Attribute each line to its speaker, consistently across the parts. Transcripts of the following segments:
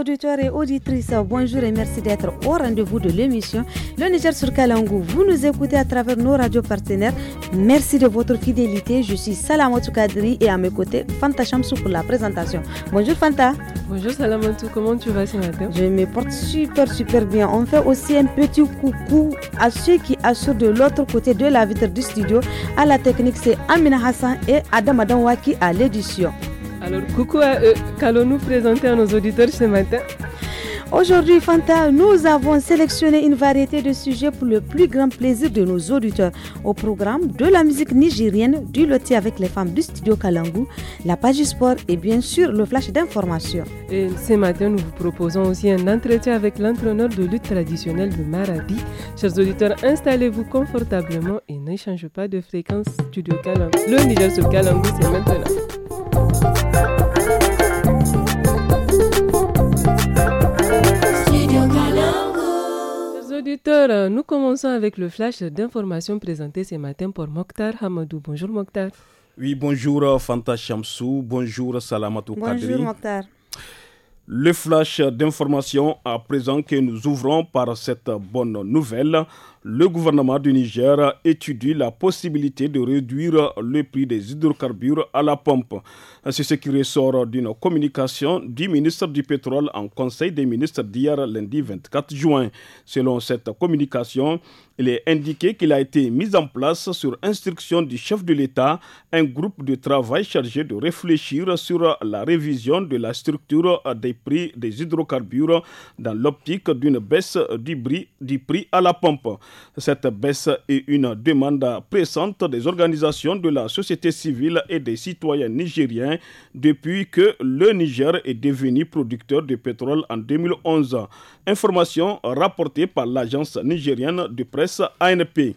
Speaker 1: auditeurs et auditrices, bonjour et merci d'être au rendez-vous de l'émission Le Niger sur Kalangou. Vous nous écoutez à travers nos radios partenaires. Merci de votre fidélité. Je suis Salamatou Kadri et à mes côtés, Fanta Chamsou pour la présentation. Bonjour Fanta. Bonjour Salamatou, comment tu vas ce matin Je me porte super super bien. On fait aussi un petit coucou à ceux qui assurent de l'autre côté de la vitre du studio. À la technique, c'est Amina Hassan et Adam Waki à l'édition. Alors coucou à eux, qu'allons-nous présenter à nos auditeurs ce matin Aujourd'hui, Fanta, nous avons sélectionné une variété de sujets pour le plus grand plaisir de nos auditeurs. Au programme de la musique nigérienne, du loti avec les femmes du studio Kalangu, la page sport et bien sûr le flash d'information. Et ce matin, nous vous proposons
Speaker 2: aussi un entretien avec l'entraîneur de lutte traditionnelle de Maradi. Chers auditeurs, installez-vous confortablement et n'échangez pas de fréquence studio Kalangu. Le Niger sur Kalangu, c'est maintenant auditeurs, nous commençons avec le flash d'informations présenté ce matin par Mokhtar Hamadou. Bonjour Mokhtar.
Speaker 3: Oui, bonjour Fanta Chamsou, bonjour Salamatou Kadri. Bonjour Mokhtar. Le flash d'informations à présent que nous ouvrons par cette bonne nouvelle. Le gouvernement du Niger étudie la possibilité de réduire le prix des hydrocarbures à la pompe. C'est ce qui ressort d'une communication du ministre du Pétrole en Conseil des ministres d'hier lundi 24 juin. Selon cette communication, il est indiqué qu'il a été mis en place sur instruction du chef de l'État un groupe de travail chargé de réfléchir sur la révision de la structure des prix des hydrocarbures dans l'optique d'une baisse du prix, à la pompe. Cette baisse est une demande pressante des organisations de la société civile et des citoyens nigériens depuis que le Niger est devenu producteur de pétrole en 2011. Information rapportée par l'agence nigérienne de presse ANP.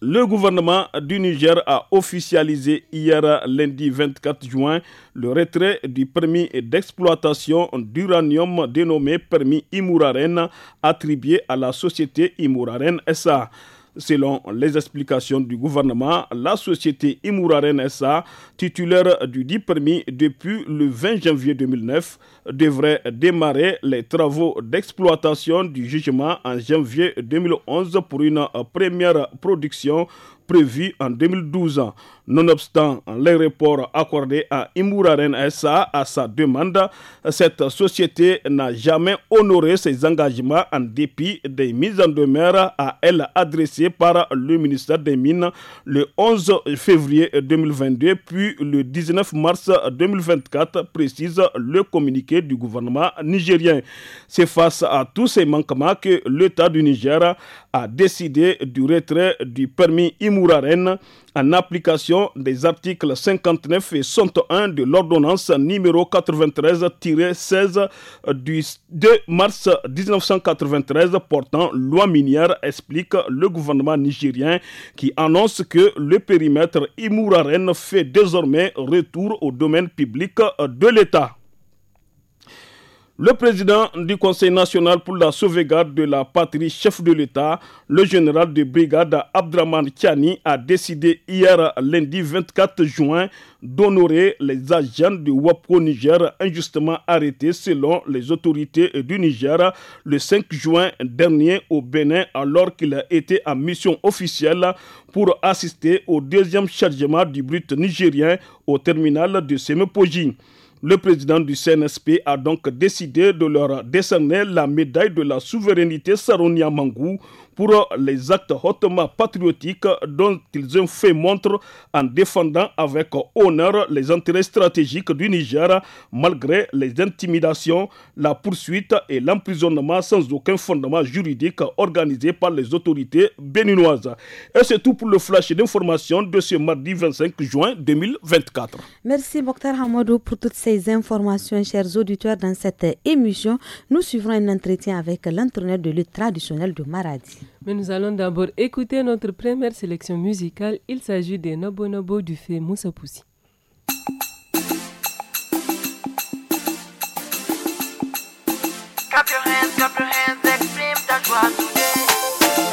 Speaker 3: Le gouvernement du Niger a officialisé hier lundi 24 juin le retrait du permis d'exploitation d'uranium dénommé permis Imouraren attribué à la société Imouraren SA. Selon les explications du gouvernement, la société Imouraren SA, titulaire du dit permis depuis le 20 janvier 2009, devrait démarrer les travaux d'exploitation du jugement en janvier 2011 pour une première production prévu en 2012. Nonobstant les reports accordés à Imuraren SA à sa demande, cette société n'a jamais honoré ses engagements en dépit des mises en demeure à elle adressées par le ministère des Mines le 11 février 2022 puis le 19 mars 2024, précise le communiqué du gouvernement nigérien. C'est face à tous ces manquements que l'État du Niger a décidé du retrait du permis Imouraren en application des articles 59 et 61 de l'ordonnance numéro 93-16 du 2 mars 1993 portant loi minière, explique le gouvernement nigérien qui annonce que le périmètre Imouraren fait désormais retour au domaine public de l'État. Le président du Conseil national pour la sauvegarde de la patrie, chef de l'État, le général de brigade Abdraman Tiani, a décidé hier lundi 24 juin d'honorer les agents du Wapo Niger injustement arrêtés selon les autorités du Niger le 5 juin dernier au Bénin alors qu'il était en mission officielle pour assister au deuxième chargement du brut nigérien au terminal de Semepoji. Le président du CNSP a donc décidé de leur décerner la médaille de la souveraineté Saronia Mangou pour les actes hautement patriotiques dont ils ont fait montre en défendant avec honneur les intérêts stratégiques du Niger malgré les intimidations, la poursuite et l'emprisonnement sans aucun fondement juridique organisé par les autorités béninoises. Et c'est tout pour le flash d'information de ce mardi 25 juin 2024.
Speaker 1: Merci Mokhtar Hamadou pour toutes ces informations, chers auditeurs. Dans cette émission, nous suivrons un entretien avec l'entraîneur de lutte traditionnelle de Maradi.
Speaker 2: Mais nous allons d'abord écouter notre première sélection musicale. Il s'agit des Nobonobo du fait Moussa Poussi.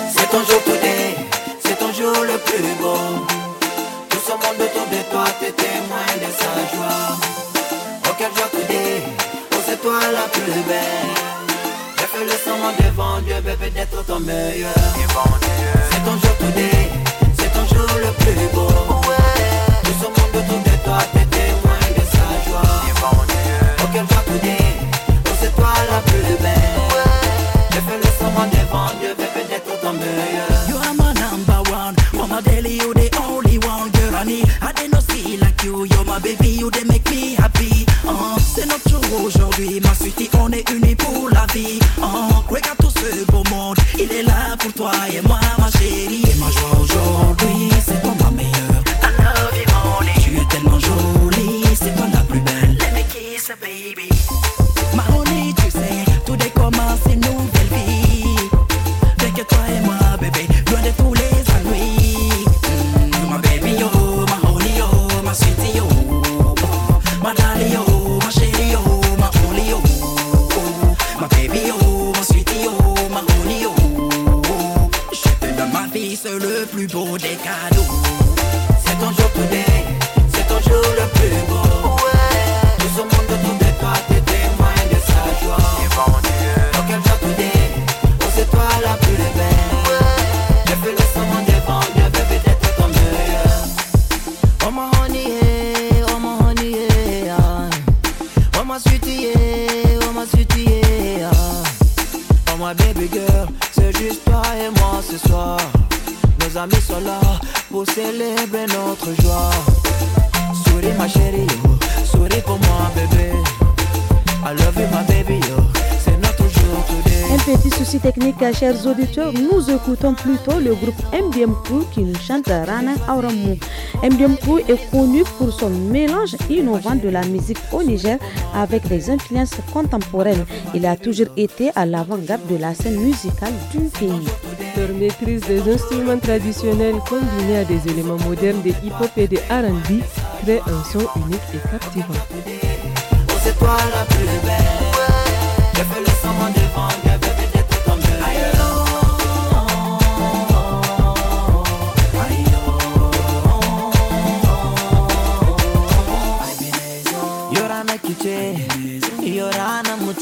Speaker 4: C'est ton jour today, c'est ton jour le plus beau. Tout ce monde autour de toi, t'es témoin de sa joie. quelle joie today, oh c'est toi la plus belle veux le sang devant Dieu, bébé, d'être ton meilleur. C'est ton jour today, c'est ton jour le plus beau. Nous Tout ce monde autour de toi, t'es témoin de sa joie. Auquel toi today, oh c'est toi la plus belle. Je fais le sang devant Dieu, bébé, d'être ton meilleur. You are my number one, from my daily you the only one, You're I need. I didn't know see like you, you're my baby, you they make me happy. Uh-huh. C'est notre jour aujourd'hui, ma suite, on est une toi et moi
Speaker 1: plutôt le groupe MDM Crew qui nous chante Rana Auramou. MDM Crew est connu pour son mélange innovant de la musique au Niger avec des influences contemporaines. Il a toujours été à l'avant-garde de la scène musicale du pays. Leur
Speaker 2: maîtrise des instruments traditionnels combinés à des éléments modernes de hip-hop et de R&B crée un
Speaker 4: son unique et captivant.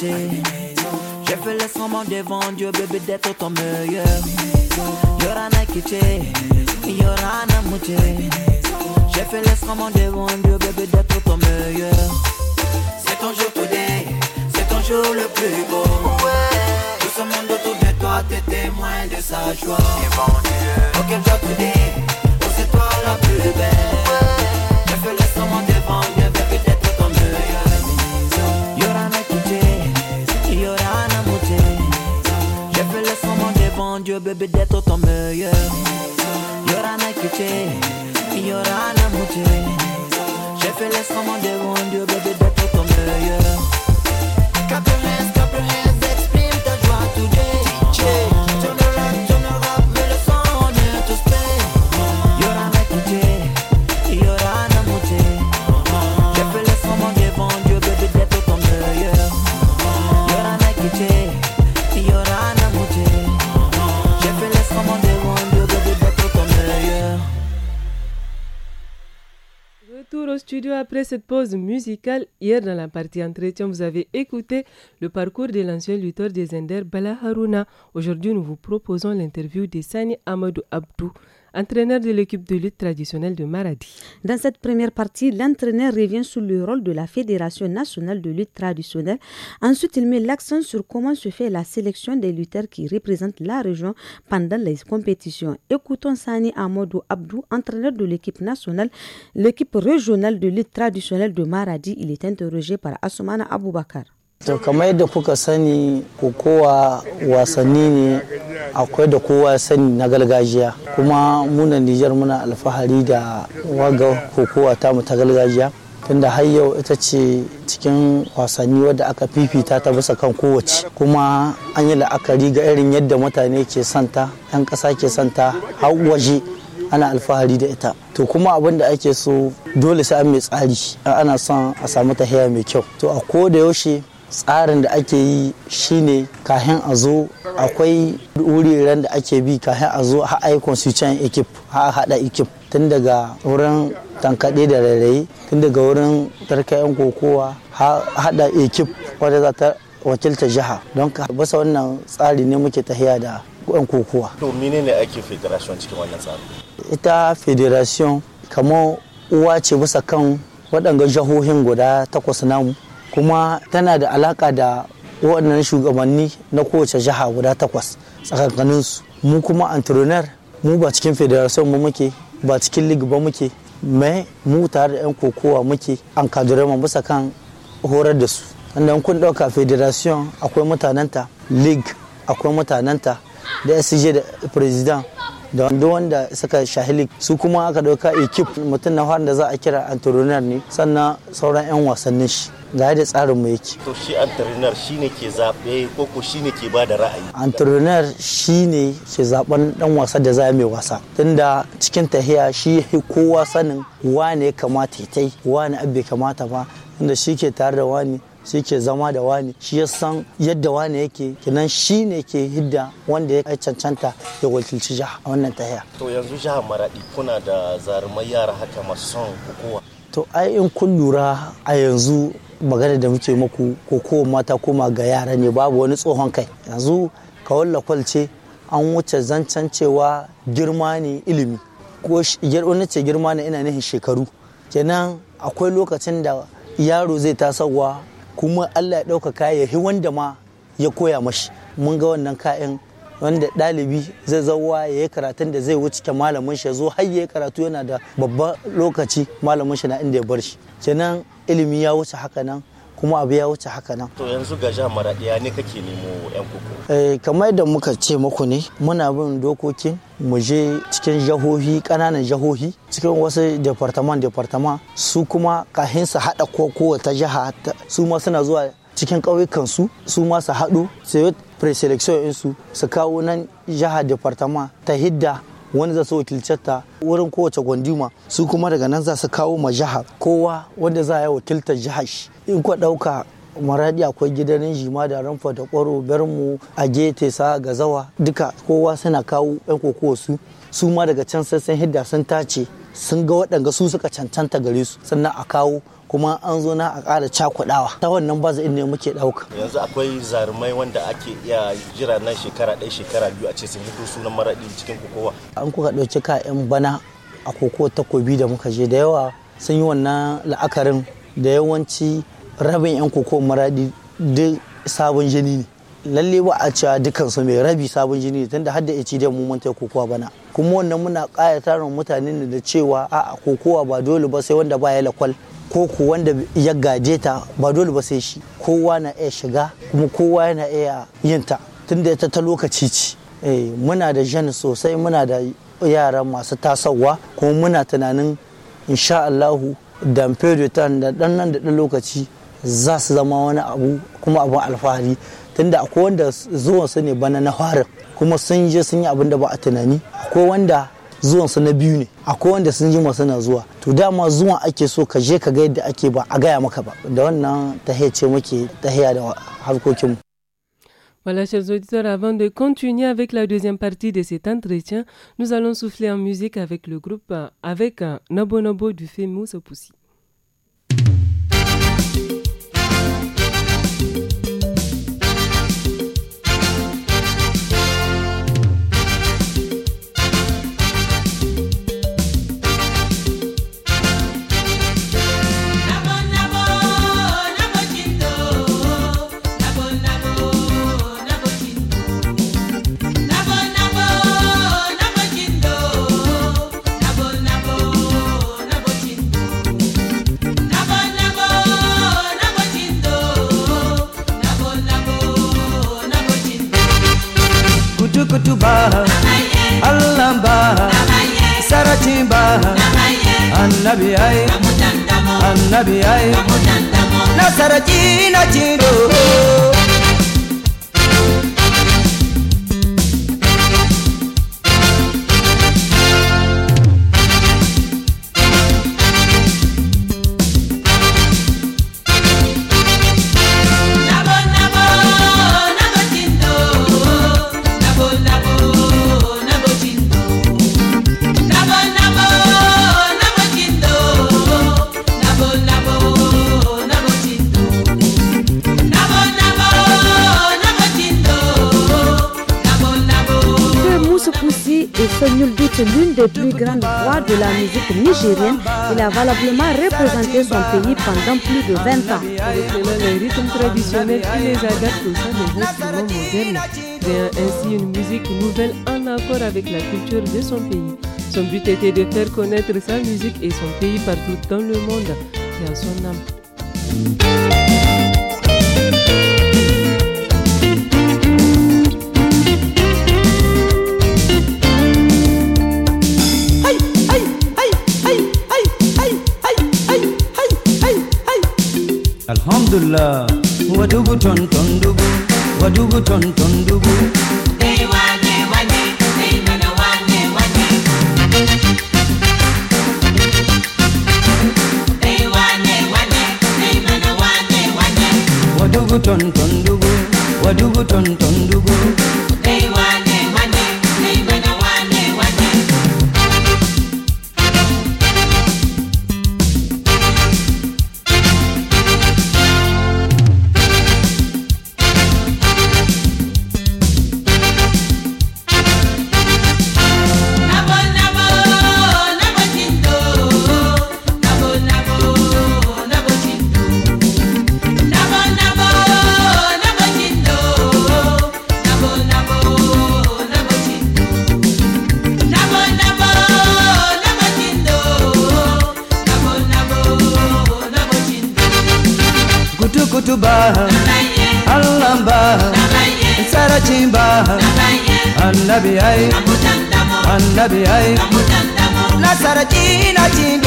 Speaker 4: J'ai fait le mon devant Dieu, bébé, d'être ton meilleur. équité, y'aura un Mouché. J'ai fait le mon devant Dieu, bébé, d'être ton meilleur. C'est ton jour today, c'est ton jour le plus beau. Ouais. Tout ce monde autour de toi, t'es témoin de sa joie. Auquel jour today, oh, c'est toi la plus belle. J'ai fait le devant mon Dieu, bébé, d'être ton meilleur. Y'aura un écouté, il y aura un amouté. J'ai fait l'estrement de mon Dieu, bébé, d'être ton meilleur.
Speaker 2: après cette pause musicale. Hier, dans la partie entretien, vous avez écouté le parcours de l'ancien lutteur des Ender, Bala Haruna. Aujourd'hui, nous vous proposons l'interview de Sani Amadou
Speaker 1: Abdou entraîneur de l'équipe de lutte traditionnelle de Maradi. Dans cette première partie, l'entraîneur revient sur le rôle de la Fédération nationale de lutte traditionnelle. Ensuite, il met l'accent sur comment se fait la sélection des lutteurs qui représentent la région pendant les compétitions. Écoutons Sani Amadou Abdou, entraîneur de l'équipe nationale, l'équipe régionale de lutte traditionnelle de Maradi. Il est interrogé par Assoumana Aboubakar.
Speaker 5: To kamar yadda kuka sani kokowa wasanni ne akwai da kowa sani na gargajiya kuma muna Nijar muna alfahari da waga kokowa ta mu ta gargajiya tunda har yau ita ce cikin wasanni wadda aka fifita ta bisa kan kowace kuma an yi la'akari ga irin yadda mutane ke santa 'yan ƙasa ke santa har waje ana alfahari da ita to kuma abin da ake so dole sai an mai tsari ana son a samu ta mai kyau to a ko da yaushe tsarin da ake yi shine kahin a zo akwai wuriren da ake bi kahin a zo a ayi constitution ekip har hada ekip tun daga wurin tankaɗe da rairayi tun daga wurin tarka 'yan kokowa a hada ekip wadda za ta wakilta jiha don ka basa wannan tsari ne muke tahiya da 'yan kokowa.
Speaker 6: To mine ne ake federation cikin wannan tsari?
Speaker 5: Ita federation kamar uwa ce bisa kan waɗanga jihohin guda takwas namu kuma tana da alaka da waɗannan shugabanni na kowace jiha guda takwas su. mu kuma entrepreneur mu ba cikin federation mu muke ba cikin league ba muke mai mu tare da 'yan kokowa muke an kadure mu bisa kan horar da su inda kun ɗauka federation akwai mutanenta league akwai mutanenta da sj da president da wanda wanda suka shahili su kuma aka ɗauka ekip mutum na da za a kira entrepreneur ne sannan sauran 'yan wasannin shi ga yadda tsarinmu yake.
Speaker 6: To shi entrepreneur shi ne ke zaɓe ko ko shi ne ke ba da ra'ayi?
Speaker 5: Entrepreneur shi ne ke zaɓen ɗan wasa da za mai wasa. Tunda cikin tahiya shi ya kowa sanin wane ya kamata ya tai wane abu kamata ba tunda shi ke tare da wani shi ke zama da wani shi ya san yadda wani yake kinan shi ne ke hidda wanda ya cancanta ya wakilci jiha a wannan tahiya.
Speaker 6: To yanzu jihar Maraɗi kuna da zarumai yara haka masu son kowa.
Speaker 5: To ai in kun lura a yanzu magana da muke maku ko kowa mata koma ga yara ne babu wani tsohon kai yanzu ka lakwal ce an wuce zancen cewa girma ne ilimi ko wani ce girma ne ina nihin shekaru kenan akwai lokacin da yaro zai tasawa kuma allah ya ɗaukaka ya hi wanda ma ya koya mashi mun ga wannan ka'in wanda ɗalibi zai zauwa ya yi karatun da zai wuce malamin shi zo har ya yi karatu yana da babban lokaci malamin shi na inda ya bar shi kenan ilimi ya wuce haka nan kuma abu ya wuce haka nan.
Speaker 6: To yanzu ga jihar Maraɗiya ne kake nemo 'yan kuku?
Speaker 5: Eh, kamar yadda muka ce muku ne muna bin dokokin mu je cikin jahohi kananan jahohi cikin wasu departement departament su kuma kahin su haɗa ko kowace jiha su ma suna zuwa cikin ƙauyukan su su ma su haɗu sai preselection insu su kawo nan jihar departama ta hidda wani za su wakilceta wurin kowace gwanduma su kuma daga nan za su kawo ma jihar kowa wanda za a yi wakiltar jihar shi in kwa ɗauka maradi akwai gidan jima da ranfa da kwaro bermu a gete sa ga zawa duka kowa suna kawo yan kokowa su su ma daga can sai sun hidda sun tace sun ga waɗanga su suka cancanta gare su sannan a kawo kuma an zo na a ƙara cakudawa ta wannan baza ne muke ɗauka
Speaker 6: yanzu akwai zarumai wanda ake iya jira nan shekara ɗaya shekara biyu a ce sun hito sunan maraɗi cikin kokowa
Speaker 5: an kuka ɗauki ka'yan bana a koko takobi da muka je da yawa sun yi wannan la'akarin da yawanci rabin 'yan koko maraɗi duk sabon jini ne lalle ba a cewa dukansu mai rabi sabon jini tunda har da ya ci da mu manta kokowa bana kuma wannan muna wa mutane da cewa a'a kokowa ba dole ba sai wanda ba ya lakwal ko ku wanda ya gaje ta ba dole ba sai shi kowa na iya shiga kuma kowa yana iya yin ta da ita ta lokaci ci eh, muna da jan sosai muna da yara masu tasawa kuma muna tunanin insha Allahu da da dan nan da dan lokaci za su zama wani abu kuma abin alfahari tunda akwai wanda zuwa su ne bana na farin kuma sun je sun yi abin da ba a tunani akwai wanda zuwansa na biyu ne akwai wanda sun jima suna zuwa to dama zuwan ake so ka je ka ga yadda ake ba a gaya maka ba da wannan ta ce muke ta da harkokinmu
Speaker 2: Voilà, chers auditeurs, avant de continuer avec la deuxième partie de cet entretien, nous allons souffler en musique avec le groupe, avec Nobonobo du Fémous Poussi.
Speaker 4: Tukutuba Alamba Saratimba Annabi ai Annabi ai Nasarajina Jiro
Speaker 1: grande de la musique nigérienne, il a valablement représenté son pays pendant plus de 20 ans. les rythmes traditionnels, il les adapte au sein des
Speaker 2: instruments modernes, créant ainsi une musique nouvelle en accord avec la culture de son pays. Son but était de faire connaître sa musique et son pays partout dans le monde et à son âme.
Speaker 4: alhamdulillah wadugu ton ton dugu wadugu ton ton dugu باها الله باها النبي أي النبي أي لا سرجين أجين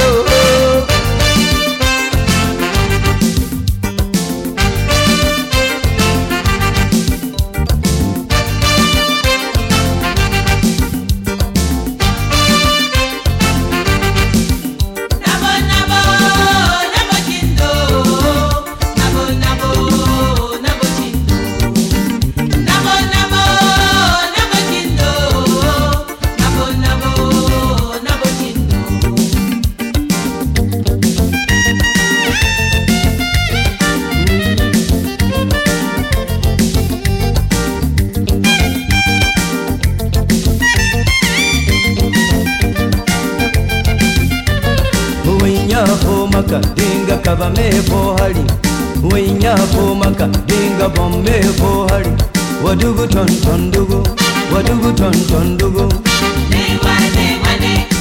Speaker 4: po maka dinga bombe po hari wadugu ton ton dugu wadugu ton ton dugu ne wane wane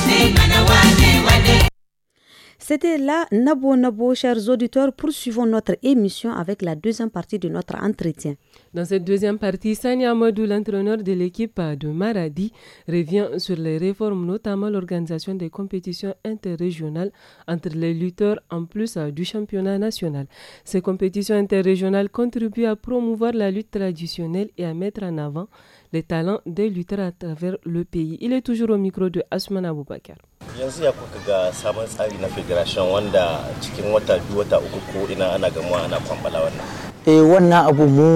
Speaker 1: C'était là Nabo Nabo, chers auditeurs. Poursuivons notre émission avec la deuxième partie de notre entretien.
Speaker 2: Dans cette deuxième partie, Sanya Modou l'entraîneur de l'équipe de Maradi, revient sur les réformes, notamment l'organisation des compétitions interrégionales entre les lutteurs en plus euh, du championnat national. Ces compétitions interrégionales contribuent à promouvoir la lutte traditionnelle et à mettre en avant les talents des lutteurs à travers le pays. Il est toujours au micro
Speaker 7: de Asman Aboubakar.
Speaker 6: yanzu ya kuka ga sabon tsari na federation wanda cikin wata biyu wata uku ko ina ana gamuwa ana kwambala wannan
Speaker 5: eh wannan abu mu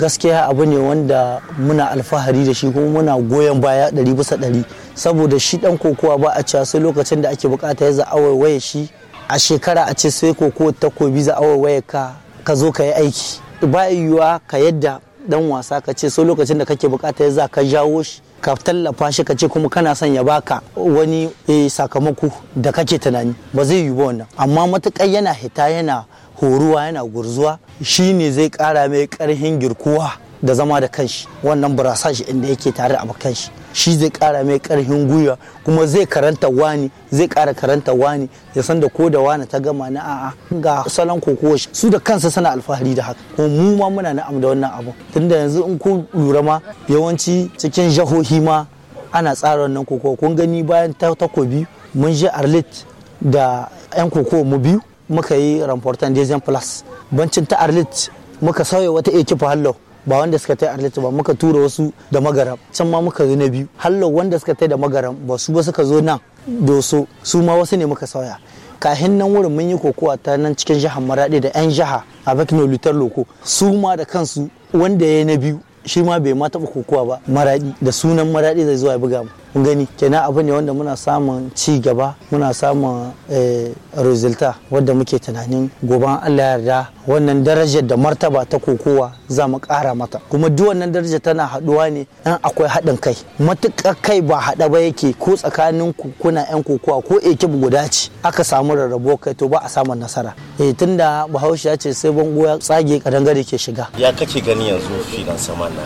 Speaker 5: gaskiya abu ne wanda muna alfahari da shi kuma muna goyon baya ɗari bisa ɗari saboda shi ɗan kokowa ba a cewa sai lokacin da ake bukata ya za'awar waya shi a shekara a ce sai kokowa takobi za'awar waya ka ka zo ka yi aiki ba yiwuwa ka yadda dan wasa ka ce sai lokacin da kake bukata ya za ka jawo shi ka tallafa shi ka ce kuma kana son ya baka wani eh, sakamako da kake tunani ba zai yi ba wannan amma matuƙar yana hita yana horuwa yana gurzuwa shine zai ƙara mai karhin girkuwa da zama da kanshi wannan burasa shi inda yake tare a bakan shi shi zai kara mai karfin gwiwa kuma zai karanta wani zai kara karanta wani ya san da ko da wani ta gama na a'a ga salon kokowa su da kansa suna alfahari da haka kuma mu ma muna na'am da wannan abu tunda yanzu in ku lura ma yawanci cikin jahohi ma ana tsara wannan kokowa kun gani bayan ta takobi mun je arlit da 'yan kokowa mu biyu muka yi ramportan dezen plus bancin ta arlit muka sauya wata ekipa hallau ba wanda suka tai arlita ba muka tura wasu da magaram can ma muka zo na biyu hallo wanda suka tai da magaram ba su ba suka zo nan doso su ma wasu ne muka sauya kahin nan wurin mun yi kokowa ta nan cikin jihar maraɗi da 'yan jiha a bakin lutar loko su ma da kansu wanda ya yi na biyu shi ma bai ma taɓa kokowa ba maraɗi da sunan maraɗi zai zo ya buga mu gani kenan abu ne wanda muna samun ci gaba muna samun eh, resulta wadda muke tunanin goban allah yarda wannan darajar da martaba ta kokowa za mu ƙara mata kuma duk wannan darajar tana haɗuwa ne Dan akwai haɗin kai matuƙar kai ba haɗa ba yake ko tsakanin kuna yan kokowa ko ekip guda ce aka samu rarrabo kai to ba a samun nasara eh tunda bahaushe ya ce sai bango ya tsage kadangare ke shiga
Speaker 6: ya kace gani yanzu filan sama na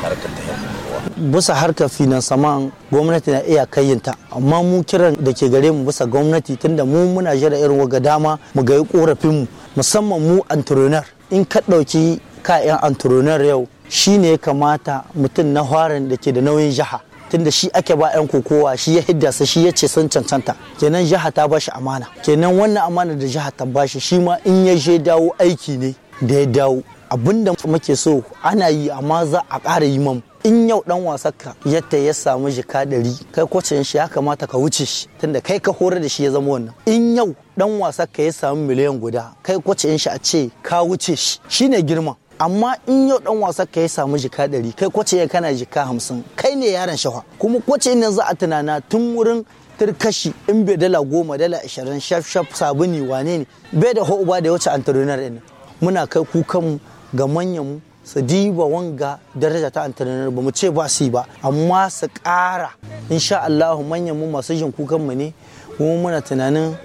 Speaker 6: harkar ta
Speaker 5: bisa harkar finansaman gwamnati na iya kayyanta amma mu kiran da ke gare mu bisa gwamnati tunda mu muna jira irin waga dama mu ga korafin mu musamman mu entrepreneur in ka ɗauki kayan entrepreneur yau shine ya kamata mutum na harin da ke da nauyin jiha tunda shi ake ba 'yan kokowa shi ya hidda sa shi ya ce sun cancanta kenan jiha ta bashi amana kenan wannan amana da jiha ta bashi shi ma in ya je dawo aiki ne da ya dawo abinda muke so ana yi amma za a ƙara yi mamu in yau dan ka. yadda ya samu jika ɗari kai kwacin shi ya kamata ka wuce shi tunda kai ka horar da shi ya zama wannan in yau dan ka ya samu miliyan guda kai kwacin shi a ce ka wuce shi shine girma amma in yau dan wasa ka ya samu jika ɗari kai kwace ya kana jika hamsin kai ne yaron shafa kuma kwacin nan za a tunana tun wurin turkashi in bai dala goma dala ashirin shaf shaf sabuni wane ne bai da uba da ya wuce entrepreneur ɗin muna kai kukanmu ga manyanmu su diba wanga daraja ta entrepreneur ba mu ce ba su yi ba amma su ƙara insha Allahu manyan mu masu jin kukan mu ne mu muna tunanin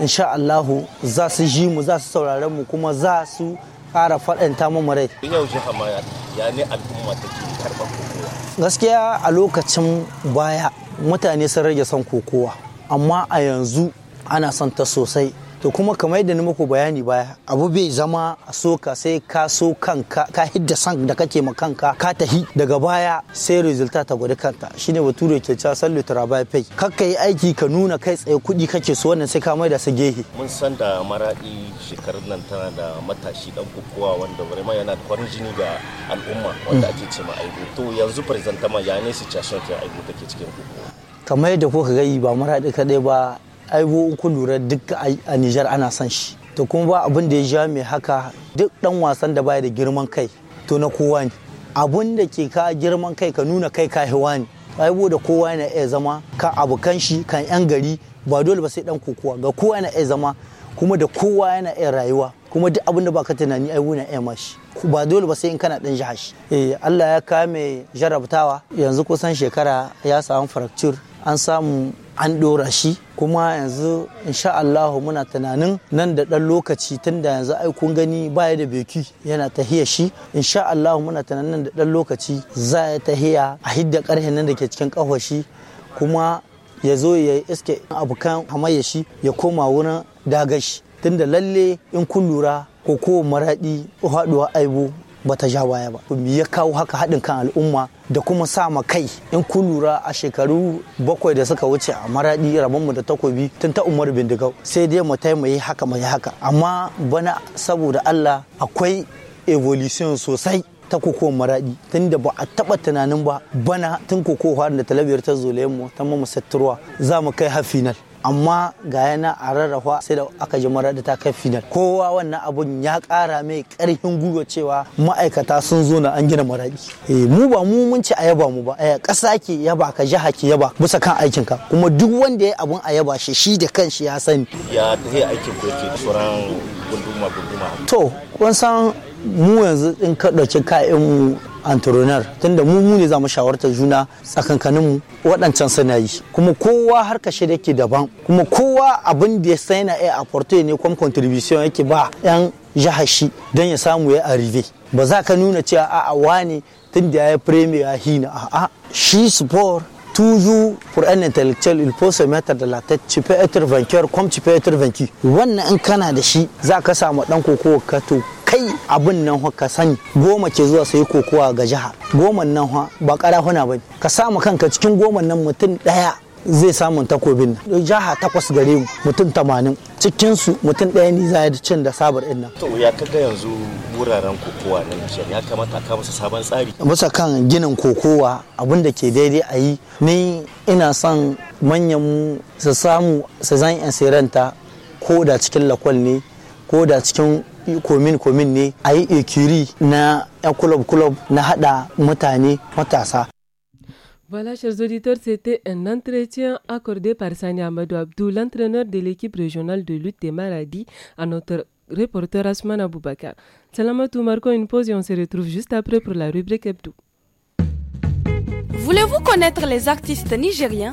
Speaker 5: insha Allahu za su ji mu za su sauraron mu kuma za su ƙara faɗanta mu rai
Speaker 6: yau jiha ya ne al'umma take karɓar kokowa
Speaker 5: gaskiya a lokacin baya mutane sun rage son kokowa amma a yanzu ana son ta sosai to kuma kamar yadda na muku bayani baya abu bai zama a soka sai ka so kanka ka hidda san da kake ma kanka ka tahi daga baya sai resulta ta gwada kanta shine bature ke cewa sallu bai fai kakka yi aiki ka nuna kai tsaye kudi kake so wannan sai ka mai da su gehe
Speaker 6: mun san da maradi shekarun nan tana da matashi dan kokowa wanda vraiment yana da farin jini ga al'umma wanda ake ce ma aibu to yanzu presentama ya ne situation ta aibu take cikin kokowa
Speaker 5: kamar yadda kuka gani ba maradi kadai ba aibu uku lura duk a Nijar ana son shi to kuma ba abin da ya ja mai haka duk dan wasan da baya da girman kai to na kowa ne abin da ke ka girman kai ka nuna kai ka hewa ne aibu da kowa na iya zama kan abokan shi kan yan gari ba dole ba sai dan kokowa ga kowa na iya zama kuma da kowa yana iya rayuwa kuma duk abin da baka tunani aibo na iya mashi ba dole ba sai in kana dan jihar shi eh Allah ya kame jarabtawa yanzu kusan shekara ya samu fracture an samu an ɗora shi kuma yanzu insha Allah muna tunanin nan da ɗan lokaci tun da yanzu ai kun gani baya da beki yana tahiya shi insha Allah muna tunanin nan da ɗan lokaci za ya tahiya a hidda ƙarhen nan da ke cikin ƙahwa kuma ya zo ya iske abokan hamayya shi ya koma wurin dagashi tunda lalle in kun lura ko ko maraɗi haɗuwa aibu bata ja baya ba ya kawo haka haɗin kan al'umma da kuma sa ma kai in ku lura a shekaru bakwai da suka wuce a maradi rabonmu da takobi tun ta umar bindigau sai dai mu taimaye haka mai haka amma bana saboda allah akwai evolution sosai ta koko maraɗi tun da ba a taɓa tunanin ba bana tun koko da talabiyar ta zolayen ta mamu sattarwa za mu kai hafinal final amma ga yana a rarrafa sai da aka ji da ta kai final kowa wannan abun ya kara mai karfin gwiwa cewa ma'aikata sun zo na an gina maradi eh, mu ba mu mun ci a yaba mu ba eh ƙasa ke yaba ka jiha ke yaba bisa kan aikin ka kuma duk wanda ya abun a yaba shi shi da kanshi ya sani
Speaker 6: ya tafi aikin ko yake
Speaker 5: tsoron gunduma gunduma to kun san mu yanzu in ka ɗauki kayan mu entrepreneur tunda mu mu ne za mu shawartar juna tsakankanin mu waɗancan suna yi kuma kowa har kashe da yake daban kuma kowa abin da ya sai yana iya aporte ne kuma contribution yake ba yan jihar shi don ya samu ya arrive ba za ka nuna cewa a'a wani tunda ya yi premier ya hina a'a shi support tuju pour un intellectuel il faut se mettre de la tête tu peux être vainqueur comme tu peux être vaincu wannan in kana da shi za ka samu dan koko ka to kai abin nan ka sani goma ke zuwa sai kokowa ga jiha goman nan ba karahuna ba ka samu kanka cikin goman nan mutum daya zai samun takobin nan Jiha takwas gare mu mutum tamanin cikinsu mutum ɗaya ne za da cin da sabar ɗin nan.
Speaker 6: to ya kaga yanzu wuraren kokowa na nijar ya kamata a kama sabon tsari.
Speaker 5: musa kan ginin kokowa abin da ke daidai a yi ni ina son manyan mu su samu su zan yan siranta ko da cikin lakwal ne ko da cikin Voilà,
Speaker 2: chers auditeurs, c'était un entretien accordé par Sanya Amadou Abdou, l'entraîneur de l'équipe régionale de lutte des maladies, à notre reporter Asman Aboubakar. Salamatou marquons une pause et on se retrouve juste après pour
Speaker 8: la rubrique Abdou.
Speaker 9: Voulez-vous connaître les artistes nigériens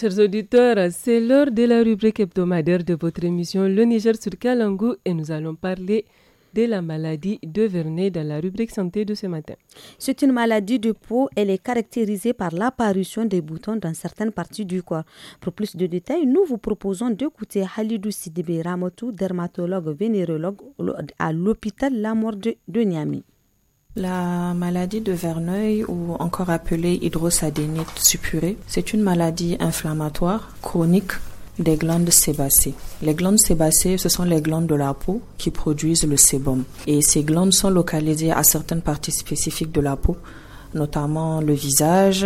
Speaker 2: Chers auditeurs, c'est l'heure de la rubrique hebdomadaire de votre émission Le Niger sur Kalangou et nous allons parler de la maladie de Vernet dans la rubrique santé de ce matin.
Speaker 1: C'est une maladie de peau. Elle est caractérisée par l'apparition des boutons dans certaines parties du corps. Pour plus de détails, nous vous proposons d'écouter Halidou Sidibé Ramotou, dermatologue
Speaker 7: vénérologue à l'hôpital La Mort de, de Niamey. La maladie de Verneuil, ou encore appelée hydrosadénite suppurée, c'est une maladie inflammatoire chronique des glandes sébacées. Les glandes sébacées, ce sont les glandes de la peau qui produisent le sébum. Et ces glandes sont localisées à certaines parties spécifiques de la peau, notamment le visage,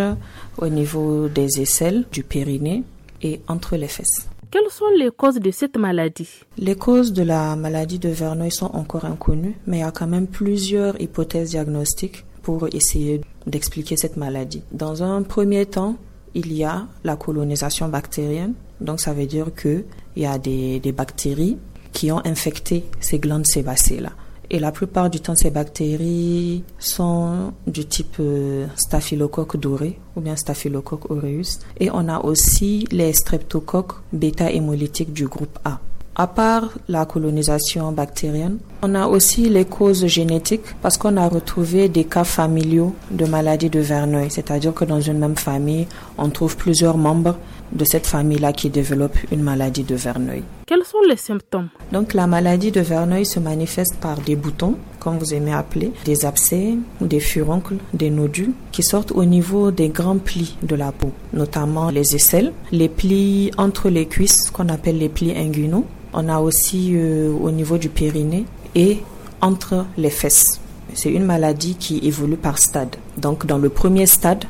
Speaker 7: au niveau des aisselles, du périnée et entre les fesses.
Speaker 9: Quelles sont les causes de cette maladie Les causes de
Speaker 7: la maladie de Verneuil sont encore inconnues, mais il y a quand même plusieurs hypothèses diagnostiques pour essayer d'expliquer cette maladie. Dans un premier temps, il y a la colonisation bactérienne, donc ça veut dire qu'il y a des, bactéries qui ont infecté ces glandes sébacées-là. Et la plupart du temps, ces bactéries sont du type euh, staphylocoque doré ou bien staphylocoque aureus. Et on a aussi les streptocoques bêta-hémolytiques du groupe A. À part la colonisation bactérienne, on a aussi les causes génétiques parce qu'on a retrouvé des cas familiaux de maladies de Verneuil, c'est-à-dire que dans une même famille, on trouve plusieurs membres de cette famille-là qui développe une maladie de Verneuil.
Speaker 9: Quels sont les symptômes Donc la
Speaker 7: maladie de Verneuil se manifeste par des boutons, comme vous aimez appeler, des abcès des furoncles, des nodules, qui sortent au niveau des grands plis de la peau, notamment les aisselles, les plis entre les cuisses, qu'on appelle les plis inguinaux. On a aussi euh, au niveau du périnée et entre les fesses. C'est une maladie qui évolue par stade. Donc dans le premier stade,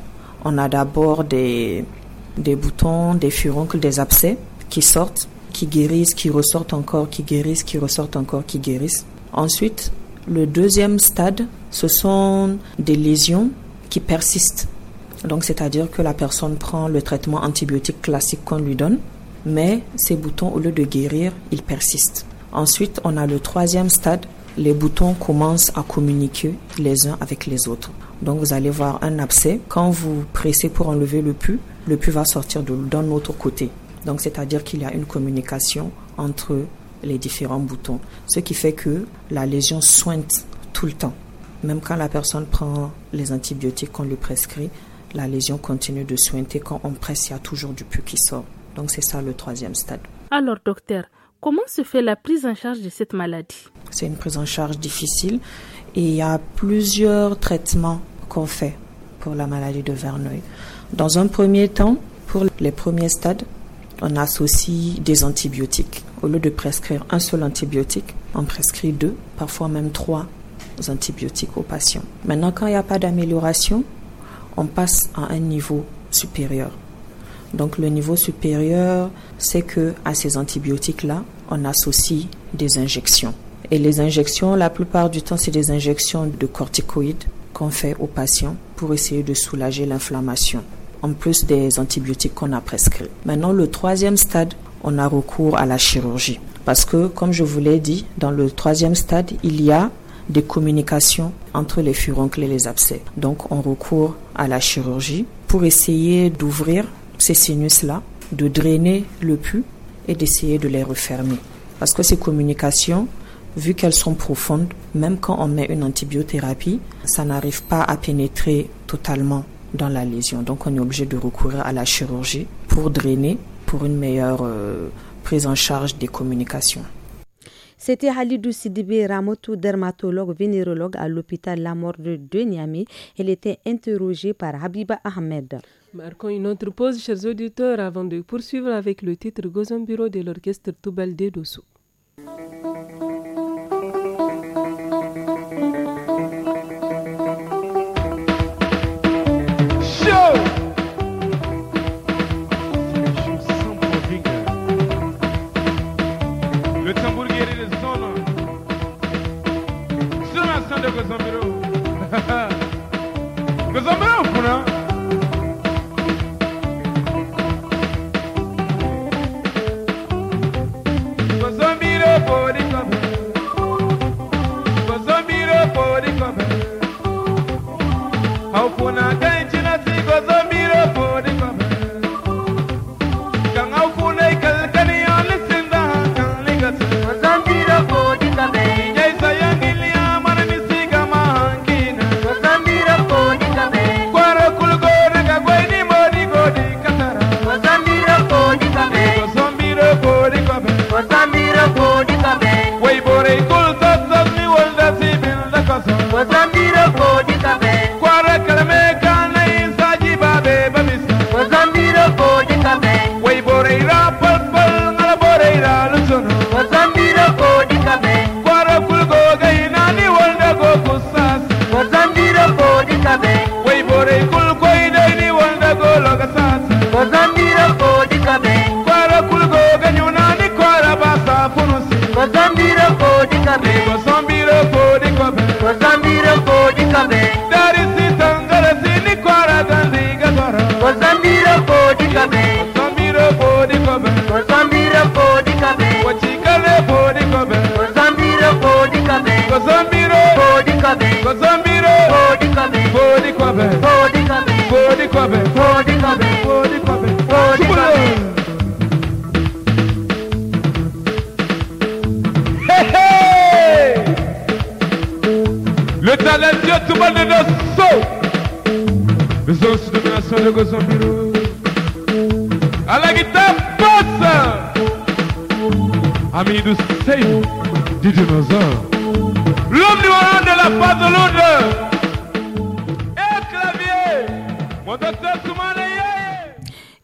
Speaker 7: on a d'abord des des boutons, des furoncles, des abcès qui sortent, qui guérissent, qui ressortent encore, qui guérissent, qui ressortent encore, qui guérissent. Ensuite, le deuxième stade, ce sont des lésions qui persistent. Donc, c'est-à-dire que la personne prend le traitement antibiotique classique qu'on lui donne, mais ces boutons, au lieu de guérir, ils persistent. Ensuite, on a le troisième stade, les boutons commencent à communiquer les uns avec les autres. Donc vous allez voir un abcès. Quand vous pressez pour enlever le pus, le puits va sortir d'un autre côté. Donc, c'est-à-dire qu'il y a une communication entre les différents boutons. Ce qui fait que la lésion sointe tout le temps. Même quand la personne prend les antibiotiques qu'on lui prescrit, la lésion continue de sointer. Quand on presse, il y a toujours du puits qui sort. Donc, c'est ça le troisième stade.
Speaker 9: Alors, docteur, comment se fait la prise en charge de cette maladie
Speaker 7: C'est une prise en charge difficile et il y a plusieurs traitements qu'on fait pour la maladie de Verneuil. Dans un premier temps, pour les premiers stades, on associe des antibiotiques. Au lieu de prescrire un seul antibiotique, on prescrit deux, parfois même trois antibiotiques aux patients. Maintenant, quand il n'y a pas d'amélioration, on passe à un niveau supérieur. Donc le niveau supérieur, c'est que à ces antibiotiques-là, on associe des injections. Et les injections, la plupart du temps, c'est des injections de corticoïdes qu'on fait aux patients pour essayer de soulager l'inflammation, en plus des antibiotiques qu'on a prescrits. Maintenant, le troisième stade, on a recours à la chirurgie. Parce que, comme je vous l'ai dit, dans le troisième stade, il y a des communications entre les furoncles et les abcès. Donc, on recourt à la chirurgie pour essayer d'ouvrir ces sinus-là, de drainer le pus et d'essayer de les refermer. Parce que ces communications vu qu'elles sont profondes, même quand on met une antibiothérapie, ça n'arrive pas à pénétrer totalement dans la lésion. Donc on est obligé de recourir à la chirurgie pour drainer, pour une meilleure euh, prise en charge des communications.
Speaker 1: C'était Halidou Sidibé Ramotou, dermatologue vénérologue à l'hôpital La Mort de Niamey. Elle était interrogée par Habiba Ahmed.
Speaker 2: Marquons une autre pause, chers auditeurs, avant de poursuivre avec le titre Gozon Bureau de l'orchestre Toubal Dosso.
Speaker 10: Cause I'm kuzamiru you know. kabe Kosambiro demande nos sous. Nous avons sous domination de Gozombiro. À la guitare, passe. Ami du Seigneur, du dinosaure. L'homme numéro un de la face de l'autre.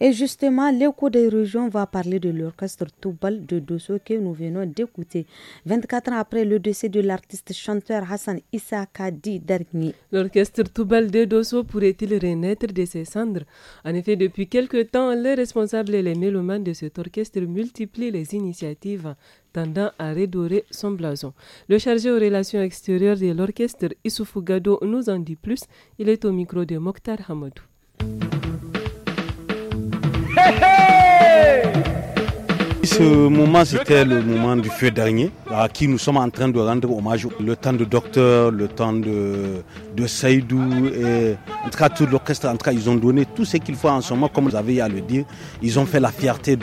Speaker 1: Et justement, l'écho des régions va parler de l'orchestre Toubal de Dosso que nous venons d'écouter. 24 ans après le décès de l'artiste chanteur Hassan Issa Kadi Dargni.
Speaker 2: L'orchestre Toubal de Dosso pourrait-il renaître de ses cendres En effet, depuis quelque temps, les responsables et les mélomanes de cet orchestre multiplient les initiatives tendant à redorer son blason. Le chargé aux relations extérieures de l'orchestre, Issoufou Gado, nous en dit plus. Il est au micro de Mokhtar Hamadou.
Speaker 8: Ce moment, c'était le moment du feu dernier, à qui nous sommes en train de rendre hommage. Le temps de docteur, le temps de le Saïdou, et, en tout cas tout l'orchestre, en tout cas ils ont donné tout ce qu'il faut en ce moment, comme vous avez à le dire. Ils ont fait la fierté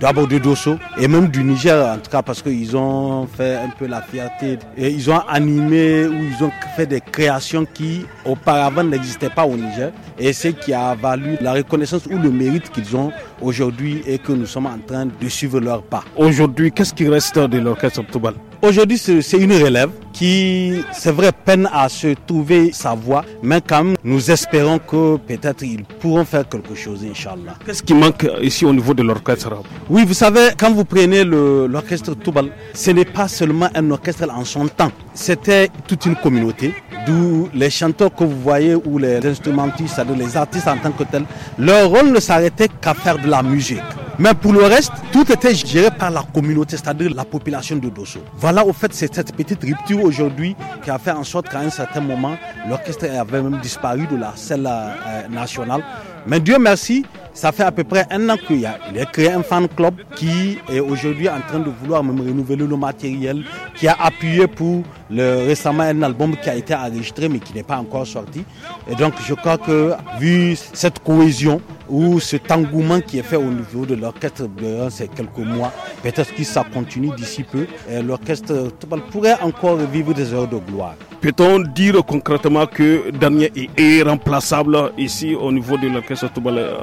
Speaker 8: d'abord de Dosso et même du Niger en tout cas parce qu'ils ont fait un peu la fierté. Et ils ont animé ou ils ont fait des créations qui auparavant n'existaient pas au Niger et c'est qui a valu la reconnaissance ou le mérite qu'ils ont aujourd'hui et que nous sommes en train de suivre leur pas. Aujourd'hui, qu'est-ce qui reste de l'orchestre Toubal Aujourd'hui, c'est une relève qui, c'est vrai, peine à se trouver sa voix, mais quand même, nous espérons que peut-être ils pourront faire quelque chose, Inch'Allah. Qu'est-ce qui manque ici au niveau de l'orchestre Oui, vous savez, quand vous prenez l'orchestre Toubal, ce n'est pas seulement un orchestre en son temps, c'était toute une communauté, d'où les chanteurs que vous voyez ou les instrumentistes, les artistes en tant que tels, leur rôle ne s'arrêtait qu'à faire de la musique. Mais pour le reste, tout était géré par la communauté, c'est-à-dire la population de Dosso. Voilà, au fait, c'est cette petite rupture aujourd'hui qui a fait en sorte qu'à un certain moment, l'orchestre avait même disparu de la scène euh, nationale mais Dieu merci, ça fait à peu près un an qu'il a, a créé un fan club qui est aujourd'hui en train de vouloir même renouveler le matériel, qui a appuyé pour récemment un album qui a été enregistré mais qui n'est pas encore sorti. Et donc je crois que vu cette cohésion ou cet engouement qui est fait au niveau de l'orchestre de ces quelques mois, peut-être que ça continue d'ici peu, l'orchestre pourrait encore vivre des heures de gloire.
Speaker 3: Peut-on dire concrètement que Daniel
Speaker 8: est irremplaçable ici au niveau de l'orchestre Toubale? Euh,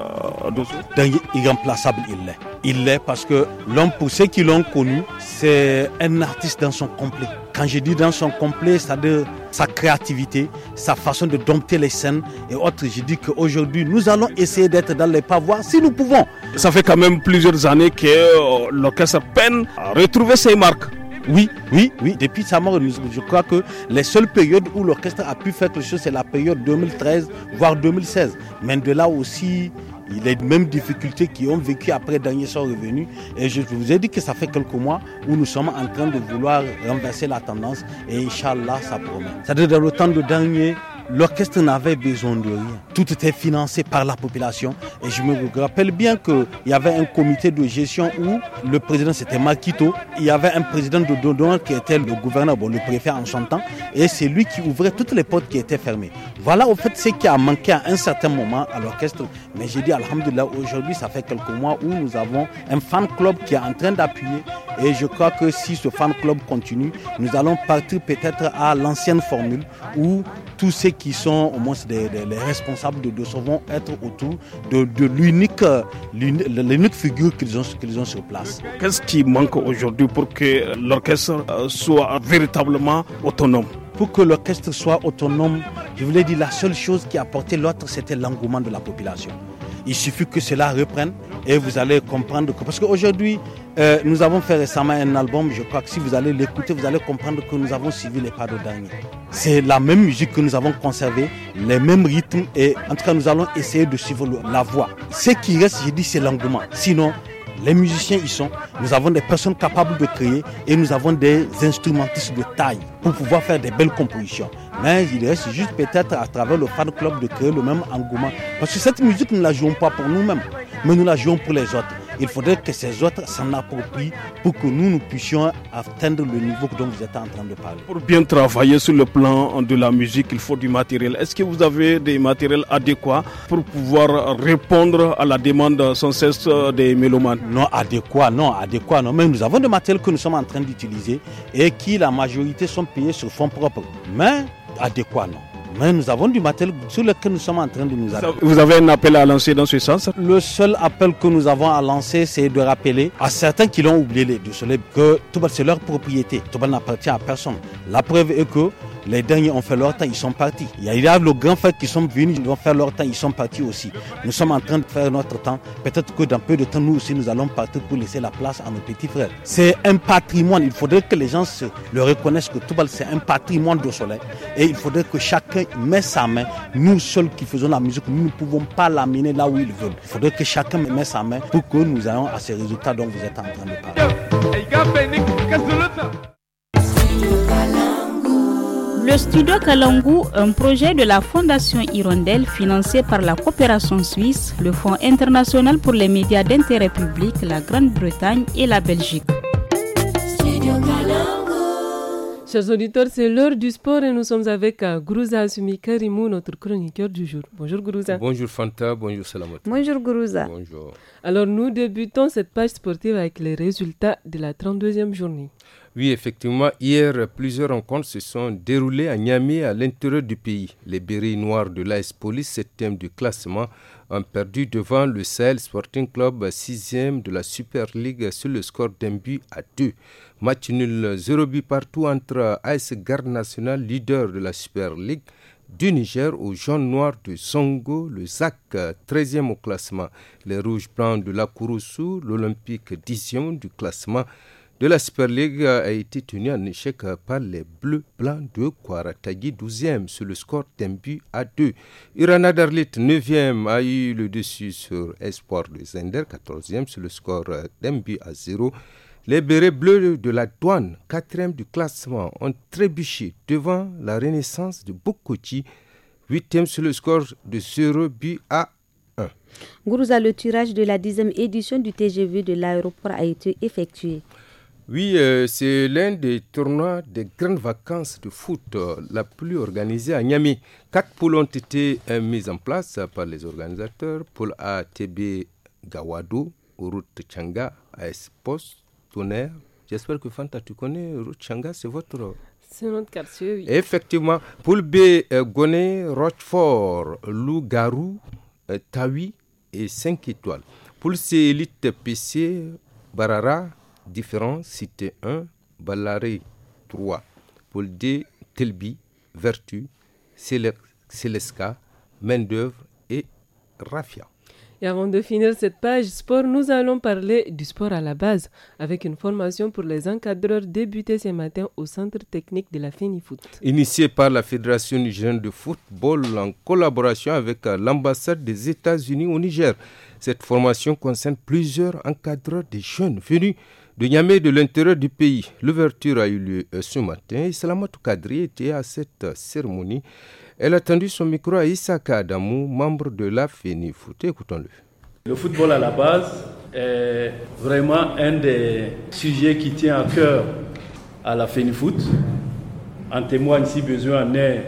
Speaker 8: Daniel irremplaçable, il l'est. Il l'est parce que l'homme, pour ceux qui l'ont connu, c'est un artiste dans son complet. Quand je dis dans son complet, ça de sa créativité, sa façon de dompter les scènes et autres. Je dis qu'aujourd'hui, nous allons essayer d'être dans les pavois si nous pouvons. Ça fait quand même plusieurs années que euh, l'orchestre peine à retrouver ses marques. Oui, oui, oui. Depuis sa mort, je crois que les seules périodes où l'orchestre a pu faire quelque chose, c'est la période 2013, voire 2016. Mais de là aussi, il les mêmes difficultés qui ont vécu après dernier sont revenus. Et je vous ai dit que ça fait quelques mois où nous sommes en train de vouloir renverser la tendance. Et Inch'Allah, ça promet. C'est-à-dire le temps de dernier, L'orchestre n'avait besoin de rien. Tout était financé par la population. Et je me rappelle bien qu'il y avait un comité de gestion où le président, c'était Makito. Il y avait un président de Dodon qui était le gouverneur, le préfet en chantant. Et c'est lui qui ouvrait toutes les portes qui étaient fermées. Voilà en fait ce qui a manqué à un certain moment à l'orchestre. Mais j'ai dit, Alhamdulillah, aujourd'hui, ça fait quelques mois où nous avons un fan club qui est en train d'appuyer. Et je crois que si ce fan club continue, nous allons partir peut-être à l'ancienne formule où tous ceux qui sont au moins les responsables de ce vont être autour de, l'unique, l'unique figure qu'ils ont, qu'ils ont sur place. Qu'est-ce qui manque aujourd'hui pour que l'orchestre euh, soit véritablement autonome pour que l'orchestre soit autonome, je voulais dire la seule chose qui a apporté l'autre, c'était l'engouement de la population. Il suffit que cela reprenne et vous allez comprendre que. Parce qu'aujourd'hui, euh, nous avons fait récemment un album, je crois que si vous allez l'écouter, vous allez comprendre que nous avons suivi les pas de Daniel. C'est la même musique que nous avons conservée, les mêmes rythmes et en tout cas nous allons essayer de suivre la voix. Ce qui reste, je dis, c'est l'engouement. Sinon, les musiciens y sont, nous avons des personnes capables de créer et nous avons des instrumentistes de taille pour pouvoir faire des belles compositions. Mais il reste juste peut-être à travers le fan club de créer le même engouement. Parce que cette musique, nous ne la jouons pas pour nous-mêmes, mais nous la jouons pour les autres. Il faudrait que ces autres s'en approprient pour que nous, nous puissions atteindre le niveau dont vous êtes en train de parler. Pour
Speaker 3: bien travailler sur le plan de la musique, il faut du matériel. Est-ce que vous
Speaker 8: avez des matériels adéquats pour pouvoir répondre à la demande sans cesse des mélomanes Non, adéquats non, adéquats non. Mais nous avons des matériels que nous sommes en train d'utiliser et qui, la majorité, sont payés sur fonds propres. Mais adéquats non. Mais nous avons du matériel sur lequel nous sommes en train de nous appeler. Vous avez un appel à lancer dans ce sens Le seul appel que nous avons à lancer, c'est de rappeler à certains qui l'ont oublié, les deux que Toubal, c'est leur propriété. Toubal n'appartient à personne. La preuve est que les derniers ont fait leur temps, ils sont partis. Il y a le grand frère qui sont venus, ils vont faire leur temps, ils sont partis aussi. Nous sommes en train de faire notre temps. Peut-être que dans peu de temps, nous aussi, nous allons partir pour laisser la place à nos petits frères. C'est un patrimoine. Il faudrait que les gens le reconnaissent que tout Toubal, c'est un patrimoine de soleil. Et il faudrait que chacun mette sa main. Nous seuls qui faisons la musique, nous ne pouvons pas l'amener là où ils veulent. Il faudrait que chacun mette sa main pour que nous ayons à ces résultats dont vous êtes en train de parler. Le
Speaker 9: studio Kalangu, un projet de la Fondation
Speaker 1: Hirondelle financé par la coopération suisse, le Fonds international pour les médias d'intérêt public, la Grande-Bretagne et la Belgique.
Speaker 2: Chers auditeurs, c'est l'heure du sport et nous sommes avec euh, Grouza Asumi Karimou, notre chroniqueur du jour. Bonjour Guruza. Bonjour
Speaker 11: Fanta, bonjour Salamat. Bonjour Guruza. Bonjour.
Speaker 2: Alors nous débutons cette page sportive avec les résultats de la 32e journée.
Speaker 11: Oui, effectivement, hier, plusieurs rencontres se sont déroulées à Niamey, à l'intérieur du pays. Les Bérys noirs de l'AS Police, septième du classement, ont perdu devant le Sahel Sporting Club, sixième de la Super League, sur le score d'un but à deux. Match nul, zéro but partout entre AS Garde Nationale, leader de la Super League, du Niger aux jaune noirs de Songo, le ZAC 13e au classement, les rouges blancs de la l'Olympique 10e du classement, de la Super League a été tenue en échec par les Bleus Blancs de Kouaratagi, 12e, sur le score d'un but à 2. Irana Darlit, 9e, a eu le dessus sur Espoir de Zender, 14e, sur le score d'un but à 0. Les bérets bleus de la douane, 4e du classement, ont trébuché devant la renaissance de Bokoti, 8e sur le score de 0 but à 1.
Speaker 1: Gourouza, le tirage de la 10e édition du TGV de l'aéroport a été effectué.
Speaker 11: Oui, euh, c'est l'un des tournois des grandes vacances de foot euh, la plus organisée à Niamey. Quatre poules ont été euh, mises en place par les organisateurs. Poule A, TB Gawadou, Route Changa, AS Post, Tonnerre. J'espère que Fanta, tu connais Route Changa, c'est votre...
Speaker 2: C'est notre quartier, oui.
Speaker 11: Effectivement. Poule B, Goné, Rochefort, Lou garou Tawi et 5 étoiles. Poule C, Elite PC, Barara, différents, Cité 1, Ballaré 3, Paul D, Telbi, Vertu, Célesca, Main-d'œuvre et Rafia.
Speaker 2: Et avant de finir cette page sport, nous allons parler du sport à la base avec une formation pour les encadreurs débutés ce matin au centre technique de la FENIFOOT.
Speaker 11: Initiée par la Fédération nigérienne de football en collaboration avec euh, l'ambassade des États-Unis au Niger, cette formation concerne plusieurs encadreurs des jeunes venus de Niamey de l'intérieur du pays. L'ouverture a eu lieu euh, ce matin. Salamatou Kadri était à cette euh, cérémonie. Elle a tendu son micro à Issaka Adamou, membre de la e Foot. Écoutons-le.
Speaker 12: Le football à la base est vraiment un des sujets qui tient à cœur à la e Foot. En témoigne si besoin en est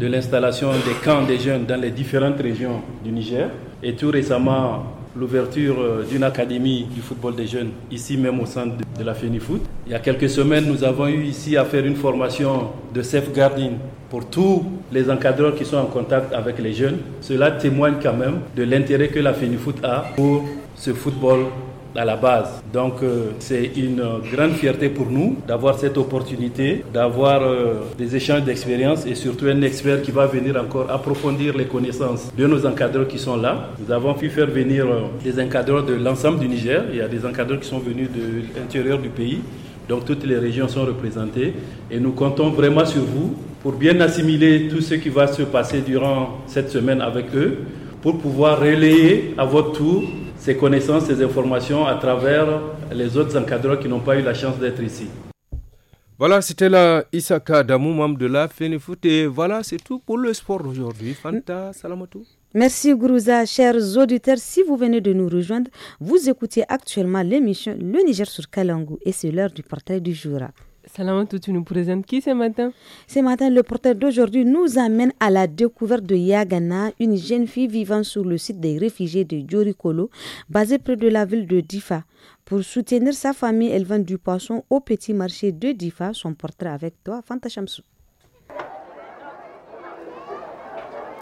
Speaker 12: de l'installation des camps des jeunes dans les différentes régions du Niger. Et tout récemment, l'ouverture euh, d'une académie du football des jeunes ici même au centre de la FENIFOOT. Il y a quelques semaines, nous avons eu ici à faire une formation de safeguarding pour tous les encadreurs qui sont en contact avec les jeunes. Cela témoigne quand même de l'intérêt que la FENIFOOT a pour ce football à la base. Donc euh, c'est une euh, grande fierté pour nous d'avoir cette opportunité, d'avoir euh, des échanges d'expériences et surtout un expert qui va venir encore approfondir les connaissances de nos encadreurs qui sont là. Nous avons pu faire venir des encadreurs de l'ensemble du Niger. Il y a des encadreurs qui sont venus de l'intérieur du pays. Donc toutes les régions sont représentées et nous comptons vraiment sur vous pour bien assimiler tout ce qui va se passer durant cette semaine avec eux, pour pouvoir relayer à votre tour ces connaissances, ces informations à travers les autres encadreurs qui n'ont pas eu la chance d'être ici.
Speaker 11: Voilà, c'était la Isaka Damou, membre de la FENIFOOT. Et voilà, c'est tout pour le sport aujourd'hui. Fanta, salamatou.
Speaker 1: Merci Grouza. chers auditeurs. Si vous venez de nous rejoindre, vous écoutez actuellement l'émission Le Niger sur Kalangou et c'est l'heure du portail du jour. Salamatou, tu nous présentes qui ce matin Ce matin, le porteur d'aujourd'hui nous amène à la découverte de Yagana, une jeune fille vivant sur le site des réfugiés de Diorikolo, basée près de la ville de Difa. Pour soutenir sa famille, elle vend du poisson au petit marché de Difa. Son portrait avec toi, Fanta Chamsou.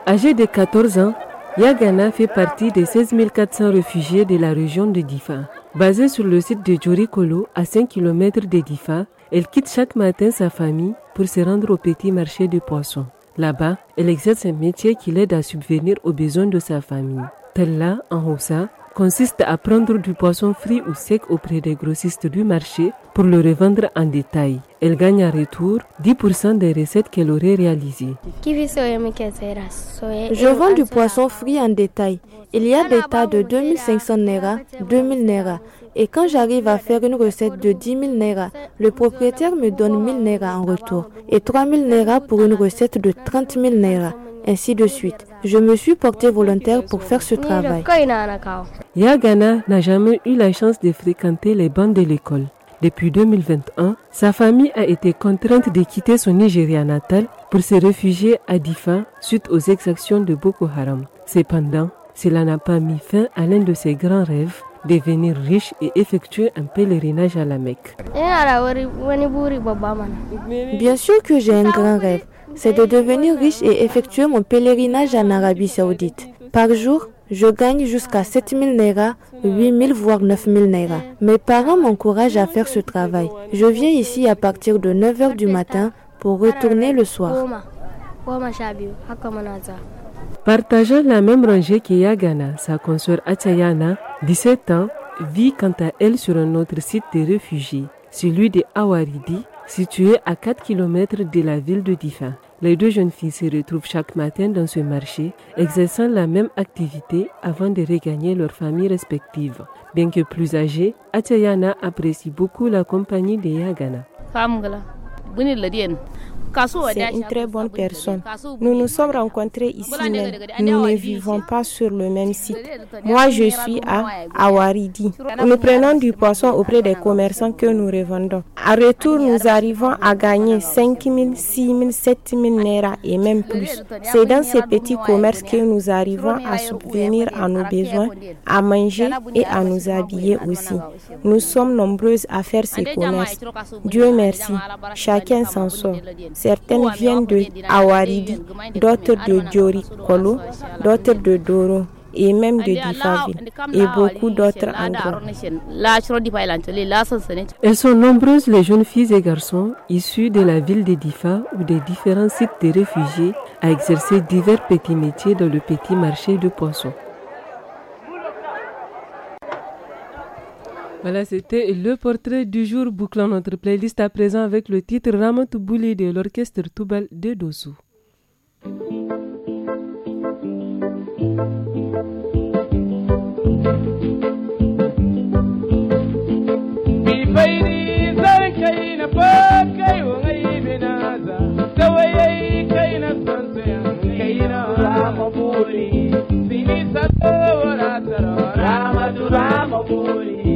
Speaker 2: Âgée de 14 ans, Yagana fait partie des 16 400 réfugiés de la région de Difa. Basée sur le site de Diorikolo, à 5 km de Difa, elle quitte chaque matin sa famille pour se rendre au petit marché du poisson. Là-bas, elle exerce un métier qui l'aide à subvenir aux besoins de sa famille. là, en Hausa, consiste à prendre du poisson frit ou sec auprès des grossistes du marché pour le revendre en détail. Elle gagne en retour 10% des recettes qu'elle aurait réalisées.
Speaker 9: Je vends du poisson frit en détail. Il y a des tas de 2500 Nera, 2000 Nera, et quand j'arrive à faire une recette de 10 000 naira, le propriétaire me donne 000 naira en retour et 3 000 naira pour une recette de 30 000 naira ainsi de suite. Je me suis porté volontaire pour faire ce travail. Yagana n'a
Speaker 2: jamais eu la chance de fréquenter les bancs de l'école. Depuis 2021, sa famille a été contrainte de quitter son Nigeria natal pour se réfugier à Difa suite aux exactions de Boko Haram. Cependant, cela n'a pas mis fin à l'un de ses grands rêves, devenir riche et effectuer un pèlerinage à la Mecque.
Speaker 9: Bien sûr que j'ai un grand rêve, c'est de devenir riche et effectuer mon pèlerinage en Arabie saoudite. Par jour, je gagne jusqu'à 7000 naira, 8000 voire 9000 naira. Mes parents m'encouragent à faire ce travail. Je viens ici à partir de 9h du matin pour retourner le soir.
Speaker 2: Partageant la même rangée que Yagana, sa consoeur Atayana, 17 ans, vit quant à elle sur un autre site de réfugiés, celui de Awaridi, situé à 4 km de la ville de Difa. Les deux jeunes filles se retrouvent chaque matin dans ce marché, exerçant la même activité avant de regagner leurs familles respectives. Bien que plus âgée, Atayana apprécie beaucoup la compagnie de Yagana.
Speaker 13: C'est une très bonne personne. Nous nous sommes rencontrés ici
Speaker 9: Nous ne vivons pas sur le même site. Moi, je suis à Awaridi. Nous prenons du poisson auprès des commerçants que nous revendons. À retour, nous arrivons à gagner 5 000, 6 000, 7 000 naira et même plus. C'est dans ces petits commerces que nous arrivons à subvenir à nos besoins, à manger et à nous habiller aussi. Nous sommes nombreuses à faire ces commerces. Dieu merci, chacun s'en sort. Certaines viennent de Awaridi, d'autres de Djori Kolo, d'autres de Doro et même de Difa, et beaucoup d'autres endroits. Elles sont nombreuses les jeunes filles et garçons
Speaker 2: issus de la ville de Difa ou des différents sites de réfugiés à exercer divers petits métiers dans le petit marché de poissons. Voilà, c'était le portrait du jour bouclant notre playlist à présent avec le titre Ramatou de l'orchestre Toubal de Dossou.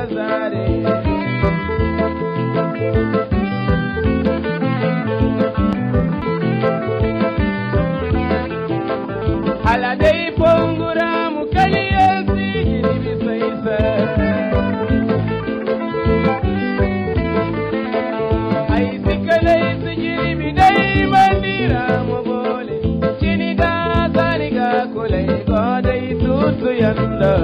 Speaker 14: na zare aladai pongura mukaliya sigiri bisaisa ai sikalai sigiri bidai mandira mobole chini da zariga kulai godai tutu yanda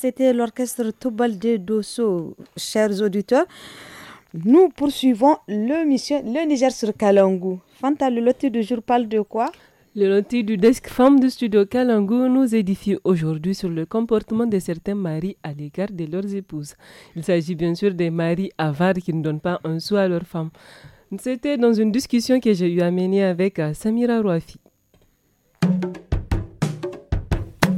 Speaker 1: c'était l'orchestre Tobal de Dosso, chers auditeurs. Nous poursuivons le mission Le Niger sur Kalangu. Fanta, le loti du jour parle de quoi le loti du
Speaker 2: desk femme du studio Kalangu nous édifie aujourd'hui sur le comportement de certains maris à l'égard de leurs épouses. Il s'agit bien sûr des maris avares qui ne donnent pas un sou à leurs femmes. C'était dans une discussion que j'ai eu à mener avec euh, Samira Rouafi.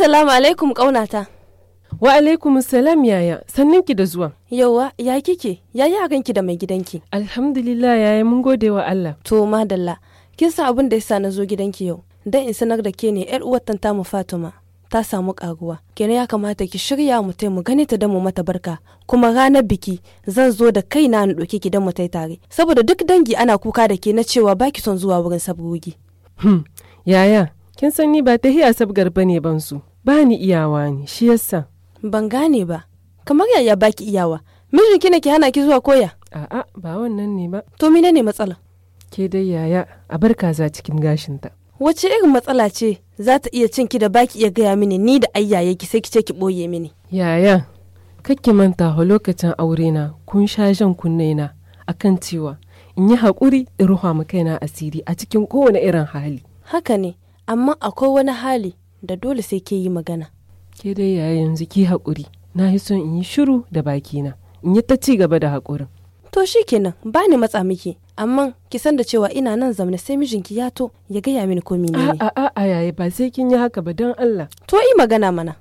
Speaker 9: Assalamu alaikum ƙaunata. Wa alaikum salam yaya, sannin ki da zuwa. Yauwa, ya kike, ya yi ganki da mai gidanki. Alhamdulillah yaya mun gode wa Allah. To madalla, kin san abin da ya sa na zo gidanki yau. Dan in sanar da ke ne yar uwar tanta mu Fatima, Ta samu karuwa. Kenan ya kamata ki shirya mu tai mu gani ta da mu mata barka. Kuma ranar biki zan zo da kai na ɗauke ki dan mu tai tare. Saboda duk dangi ana kuka da ke na cewa baki son zuwa wurin sabgogi.
Speaker 2: Hmm, yaya,
Speaker 9: kin san ni ba ta hiya sabgar bane ban su. ba ni iyawa ne shi yasa ban gane ba kamar yaya baki iyawa mijinki ne ke hana ki zuwa koya
Speaker 2: a'a ba wannan ne ba
Speaker 9: to mine ne matsala ke dai yaya
Speaker 2: a bar kaza cikin
Speaker 9: gashinta wace irin matsala ce za ta iya ki da baki iya gaya mini ni da ayyaye ki sai ki ce ki boye mini
Speaker 2: yaya kakki manta a lokacin aure na kun sha jan kunne na akan cewa in yi hakuri
Speaker 9: in ruha mu kaina asiri a cikin kowane irin hali haka ne amma akwai wani hali da dole sai ke yi magana ke dai yaya yanzu ki haƙuri na yi son in yi shiru da bakina in yi ta ci gaba da haƙurin to shi kenan ba ni matsa miki amma ki san da cewa ina nan zamna sai mijinki ya to ya gaya mini ko mene ne a a yaya ba sai kin yi haka ba don Allah to yi magana mana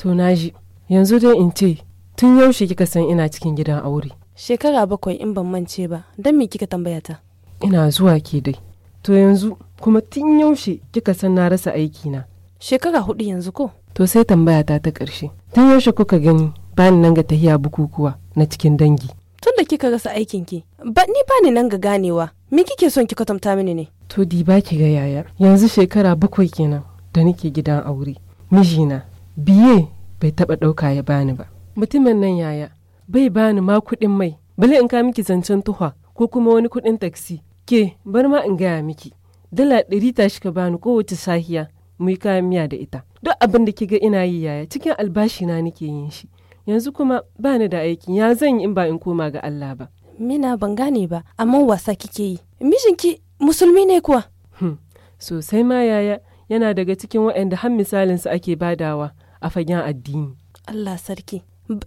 Speaker 2: to na ji yanzu dai in ce tun yaushe kika san ina cikin gidan aure
Speaker 9: shekara bakwai in ban mance ba don me kika tambaya ta
Speaker 2: ina zuwa ke dai to yanzu kuma tun yaushe kika san na rasa aiki na
Speaker 9: Shekara hudu yanzu ko?
Speaker 2: To sai tambaya ta ta ƙarshe. Tun yaushe kuka gani bani nan ga tahiya bukukuwa na cikin dangi.
Speaker 9: Tun da kika rasa aikin ki, ba ni bani nan ga ganewa. Me kike son ki kwatanta mini ne?
Speaker 2: To di ba ki ga yaya Yanzu shekara bakwai kenan da nake gidan aure. Mijina biye bai taba ɗauka ya bani ba. Mutumin nan yaya bai bani ma kuɗin mai. Bale in ka miki zancen tuhwa ko kuma wani kuɗin taksi. Ke bar ma in gaya miki. Dala ɗari tashi ka bani kowace sahiya mu yi kayan miya da ita duk abin da kiga ina yi yaya cikin albashi na nake yin shi yanzu kuma bani da aiki ya zan yi in ba in koma ga Allah ba
Speaker 9: mina ban gane ba amma wasa kike yi mijinki musulmi ne kuwa hmm,
Speaker 2: sosai ma yaya yana daga cikin waɗanda har misalin su ake badawa a fagen addini
Speaker 9: Allah sarki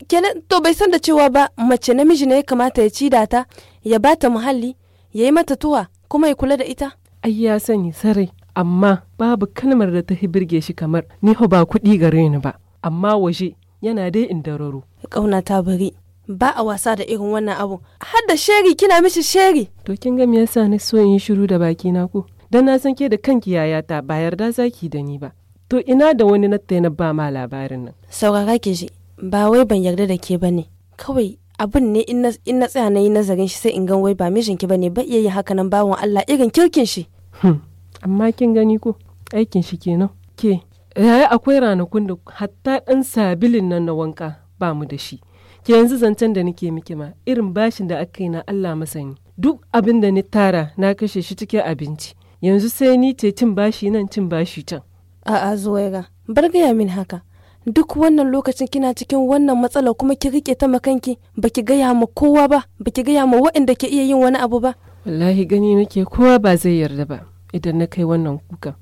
Speaker 9: kenan to bai san da cewa ba mace namiji ne ya kamata ya ci data ya bata muhalli ya yi mata tuwa kuma ya kula da ita
Speaker 2: ai ya sani sarai amma babu kalmar da ta
Speaker 9: birge shi kamar ni ba kuɗi gare ni ba
Speaker 2: amma waje yana dai in dararo. kauna
Speaker 9: ta bari ba a wasa da irin wannan abu har da sheri kina mishi sheri. To kin ga
Speaker 2: me yasa ni so in shiru da baki na ko dan na san ke da kanki yayata ba yarda zaki da ni ba.
Speaker 9: To ina da wani na na ba ma labarin nan. Saurara ke ji ba wai ban yarda da ke bane kawai abin ne in na tsaya na yi nazarin shi sai in gan wai ba mijinki bane ba iya yin haka nan bawon Allah irin kirkin shi. Hmm. amma kin gani ko aikin shi kenan ke
Speaker 2: yaya akwai ranakun da hatta ɗan sabilin nan na wanka ba mu da shi ke yanzu zancen da nake miki ma irin bashin da aka yi na Allah masani duk abin da ni tara na kashe shi cikin abinci yanzu sai ni ce cin bashi nan cin bashi can
Speaker 9: a'a zuwaiga bar gaya min haka duk wannan lokacin kina cikin wannan matsala kuma ki rike ta makanki baki gaya ma kowa ba baki gaya ma waɗanda ke iya yin wani abu ba wallahi
Speaker 2: gani nake kowa ba zai yarda ba idan na kai wannan kukan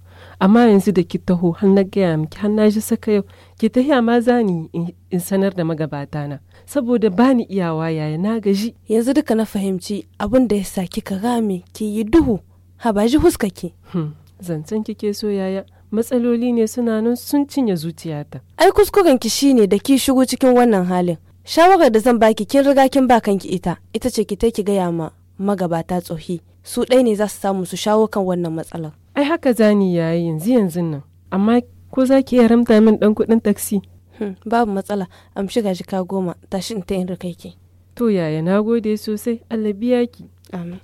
Speaker 2: amma yanzu da ki taho har na gaya miki har na ji saka yau ki tahiya ma zani in sanar da magabata na saboda bani iyawa yaya na gaji yanzu duka na fahimci abin da ya sa kika rame
Speaker 9: ki yi duhu ha ba ji huska ki hmm,
Speaker 2: zancen kike so yaya matsaloli
Speaker 9: ne suna nan sun cinye zuciyata ai kuskuren ki shine da ki shigo cikin wannan halin shawarar da zan baki kin riga kin ba kanki ita ita ce ki ta ki gaya ma magabata tsohi su ɗai ne za su samu su shawo kan wannan matsalar.
Speaker 2: Ai haka zani ya yi yanzu yanzu nan, amma ko za ki iya ramta min ɗan kuɗin taksi?
Speaker 9: Hmm, babu matsala, am shiga ka goma, tashi in ta yin ke. To yaya, na gode sosai, Allah biya ki. Amin.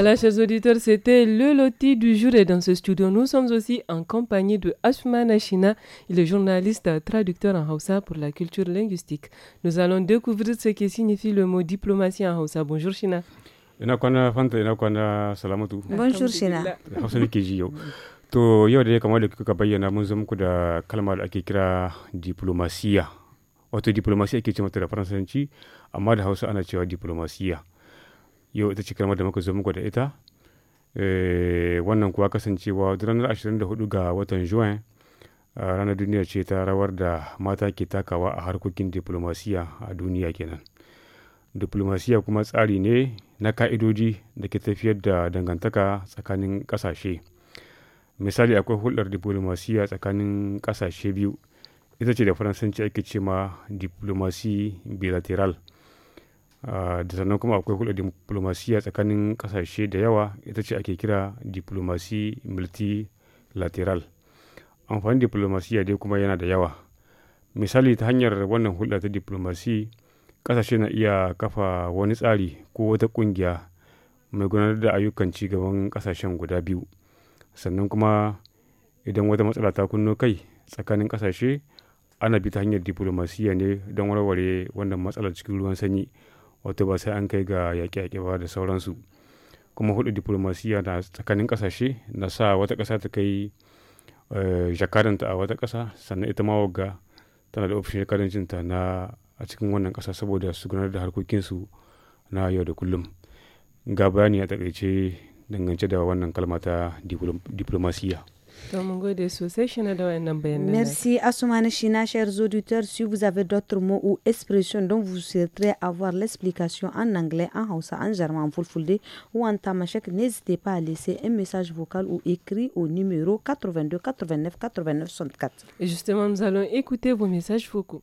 Speaker 2: Voilà, chers auditeurs, c'était le loti du jour. Et dans ce studio, nous sommes aussi en compagnie de Ashman Ashina. le journaliste traducteur en Hausa pour la culture linguistique. Nous allons découvrir ce que signifie le mot diplomatie en Hausa. Bonjour, Shina.
Speaker 15: Bonjour, Shina. to yau da kamar da kuka bayyana mun zo muku da kalmar da ake kira diplomasiya wato diplomasiya ake ce mata da faransanci amma da hausa ana cewa diplomasiya yau ita ce kalmar da muka zo muku da ita eh, wannan kuwa kasancewa ranar 24 ga watan juin ranar duniya ce ta rawar da mata ke takawa a harkokin diplomasiya a duniya kenan diplomasiya kuma tsari ne na ka'idoji da ke tafiyar da dangantaka tsakanin kasashe misali akwai hulɗar diplomasiya tsakanin kasashe biyu ita ce da faransanci ake ce ma diplomasi bilateral Ah, da sannan kuma akwai hulɗar diplomasiya tsakanin kasashe da yawa ita ce ake kira diplomasi multilateral amfanin diplomasiya dai kuma yana da yawa misali ta hanyar wannan hulɗa ta diplomasi ƙasashe na iya kafa wani tsari ko wata ƙungiya mai gudanar da ayyukan ci gaban kasashen guda biyu sannan kuma idan wata matsala ta kunno kai tsakanin ƙasashe ana bi ta hanyar diplomasiya ne don warware wannan matsalar cikin ruwan sanyi wato ba sai an kai ga yaƙe-yaƙe ba da sauransu kuma hudu diplomasiya na tsakanin kasashe na sa wata ƙasa ta kai eh, jakadanta a wata ƙasa sannan ita ma wagga tana da ofishin jakadancinta na a cikin wannan ƙasa saboda su gudanar da harkokinsu na yau da kullum ga bayani a takaice dangance da wannan kalma ta diplomasiya.
Speaker 2: Merci
Speaker 1: Assoumane China, chers auditeurs. Si vous avez d'autres mots ou expressions dont vous souhaiterez avoir l'explication en anglais, en hausa, en germain, en fulfulde ou en tamashek, n'hésitez pas à laisser un message vocal ou écrit au numéro 82 89 89 64.
Speaker 2: Et justement, nous allons écouter vos messages vocaux.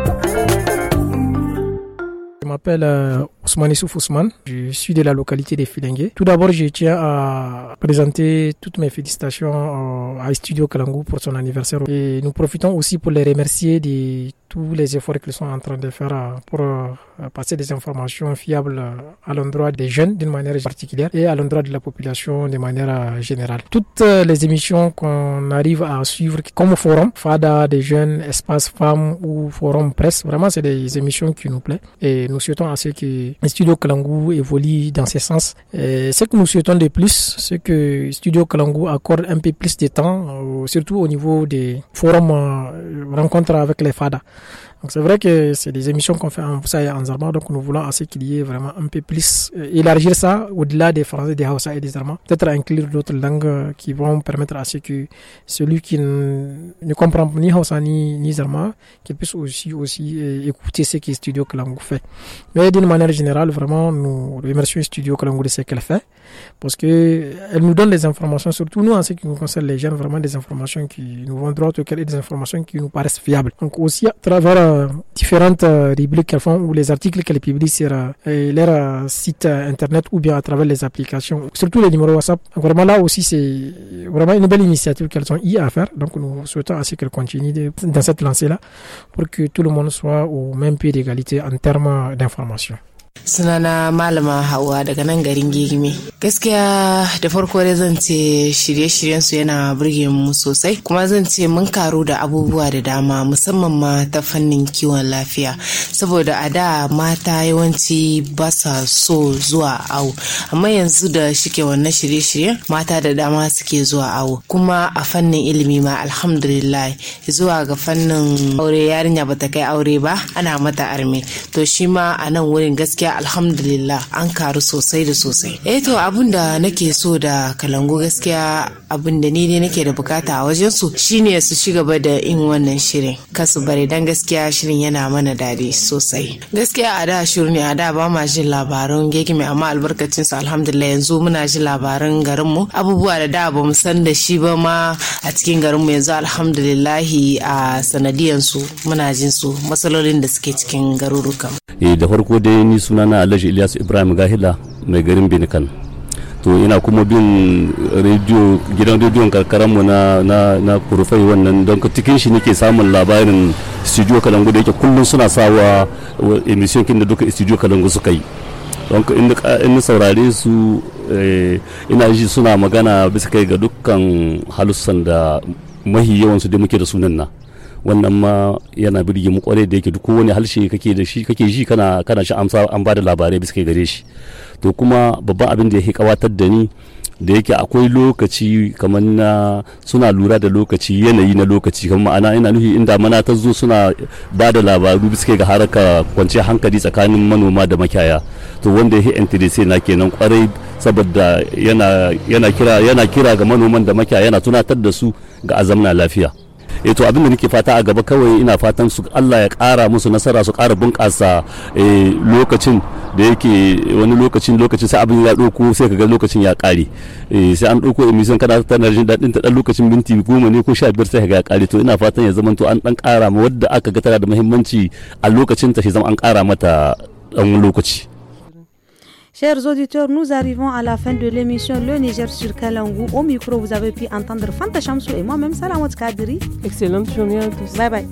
Speaker 16: m'appelle euh, Ousmane Issouf Ousmane. Je suis de la localité des Filingué. Tout d'abord, je tiens à présenter toutes mes félicitations euh, à Studio Kalangu pour son anniversaire. Et nous profitons aussi pour les remercier de tous les efforts qu'ils sont en train de faire euh, pour passer des informations fiables à l'endroit des jeunes d'une manière particulière et à l'endroit de la population de manière générale. Toutes les émissions qu'on arrive à suivre comme forum, FADA des jeunes, espace femmes ou forum presse, vraiment c'est des émissions qui nous plaisent et nous nous souhaitons à ce que Studio Kalangu évolue dans ce sens. Euh, ce que nous souhaitons de plus, c'est que Studio Kalangu accorde un peu plus de temps, euh, surtout au niveau des forums euh, rencontres avec les FADA. Donc c'est vrai que c'est des émissions qu'on fait en Hausa et en Zarma, donc nous voulons assez qu'il y ait vraiment un peu plus, euh, élargir ça au-delà des Français, des Hausa et des Zarma, peut-être inclure d'autres langues euh, qui vont permettre à ce que celui qui ne, comprend ni Hausa ni, ni Zarma, qu'il puisse aussi, aussi euh, écouter ce que Studio Kalangu fait. Mais d'une manière générale, vraiment, nous remercions Studio Kalangu de ce qu'elle fait parce que euh, elle nous donne des informations, surtout nous en ce qui nous concerne les jeunes, vraiment des informations qui nous vont droit au cœur et des informations qui nous paraissent fiables. Donc aussi à travers euh, différentes euh, rubriques qu'elles font ou les articles qu'elles publient sur leur site internet ou bien à travers les applications, surtout les numéros WhatsApp. Donc vraiment là aussi c'est vraiment une belle initiative qu'elles ont eu à faire. Donc nous souhaitons à qu'elles continuent dans cette lancée-là pour que tout le monde soit au même pied d'égalité en termes d'informations.
Speaker 13: na malama Hauwa, daga nan garin gigime gaskiya da farko dai zan ce shirye-shiryen su yana burge mu sosai kuma zan ce mun karu da abubuwa da dama musamman ma ta fannin kiwon lafiya saboda a da mata yawanci ba sa so zuwa awo amma yanzu da shike wannan shirye-shiryen mata da dama suke zuwa awo kuma a fannin ilimi ma alhamdulillah zuwa ga fannin aure yarinya bata kai aure ba ana mata arme to shi ma a nan wurin gaskiya gaskiya alhamdulillah an karu sosai da sosai eh to abun da nake so da kalangu gaskiya abun da ni ne nake da bukata a wajen su shine su ci gaba da in wannan shirin kasu bare dan gaskiya shirin yana mana dadi sosai gaskiya a da shirin a da ba ma jin labaran gegime amma albarkacin su alhamdulillah yanzu muna jin labaran garin mu abubuwa da da ba mu san da shi ba ma a cikin garin mu yanzu alhamdulillah a sanadiyan su muna jin su matsalolin da suke cikin
Speaker 17: eh da farko dai ni sunana alhaji ilyasu ibrahim gahila mai garin binikan to ina kuma bin rediyo gidan rediyon karkaranmu na na na kurfai wannan don cikin shi nake samun labarin studio kalangu da yake kullum suna sawa emission kin da duka studio kalangu suka yi don in saurare su eh, ina ji suna magana bisa kai ga dukkan halussan da mahi yawan su da muke da sunan na wannan ma yana birge mu kwarai da yake duk kowane harshe kake da shi kake ji kana kana shi amsa an bada labarai bisa kai gare shi to kuma babban abin da yake kawatar da ni da yake akwai lokaci kamar na suna lura da lokaci yanayi na lokaci kamar ma'ana ina nufi inda mana ta zo suna ba da labaru bisa ga haraka kwanciyar hankali tsakanin manoma da makiyaya to wanda ya interese na kenan kwarai saboda yana kira ga manoman da makiyaya yana tunatar da su ga azamna lafiya e to abin da nake fata a gaba kawai ina fatan su Allah ya ƙara musu nasara su ƙara bunƙasa eh, lokacin da yake eh, wani lokacin lokacin sai abin ya ɗauko sai ka ga lokacin ya ƙare sai an ɗauko emission kana tana jin daɗin ta ɗan lokacin minti goma ne ko sha biyar sai ka ga ya ƙare to ina fatan ya zama to an ɗan ƙara ma wadda aka ga tana da muhimmanci a lokacin ta shi zama an ƙara mata ɗan lokaci.
Speaker 1: Chers auditeurs, nous arrivons à la fin de l'émission Le Niger sur Kalangou. Au micro, vous avez pu entendre Fanta Chamsou et moi-même Salamot Kadiri. Excellente journée à tous. Bye bye.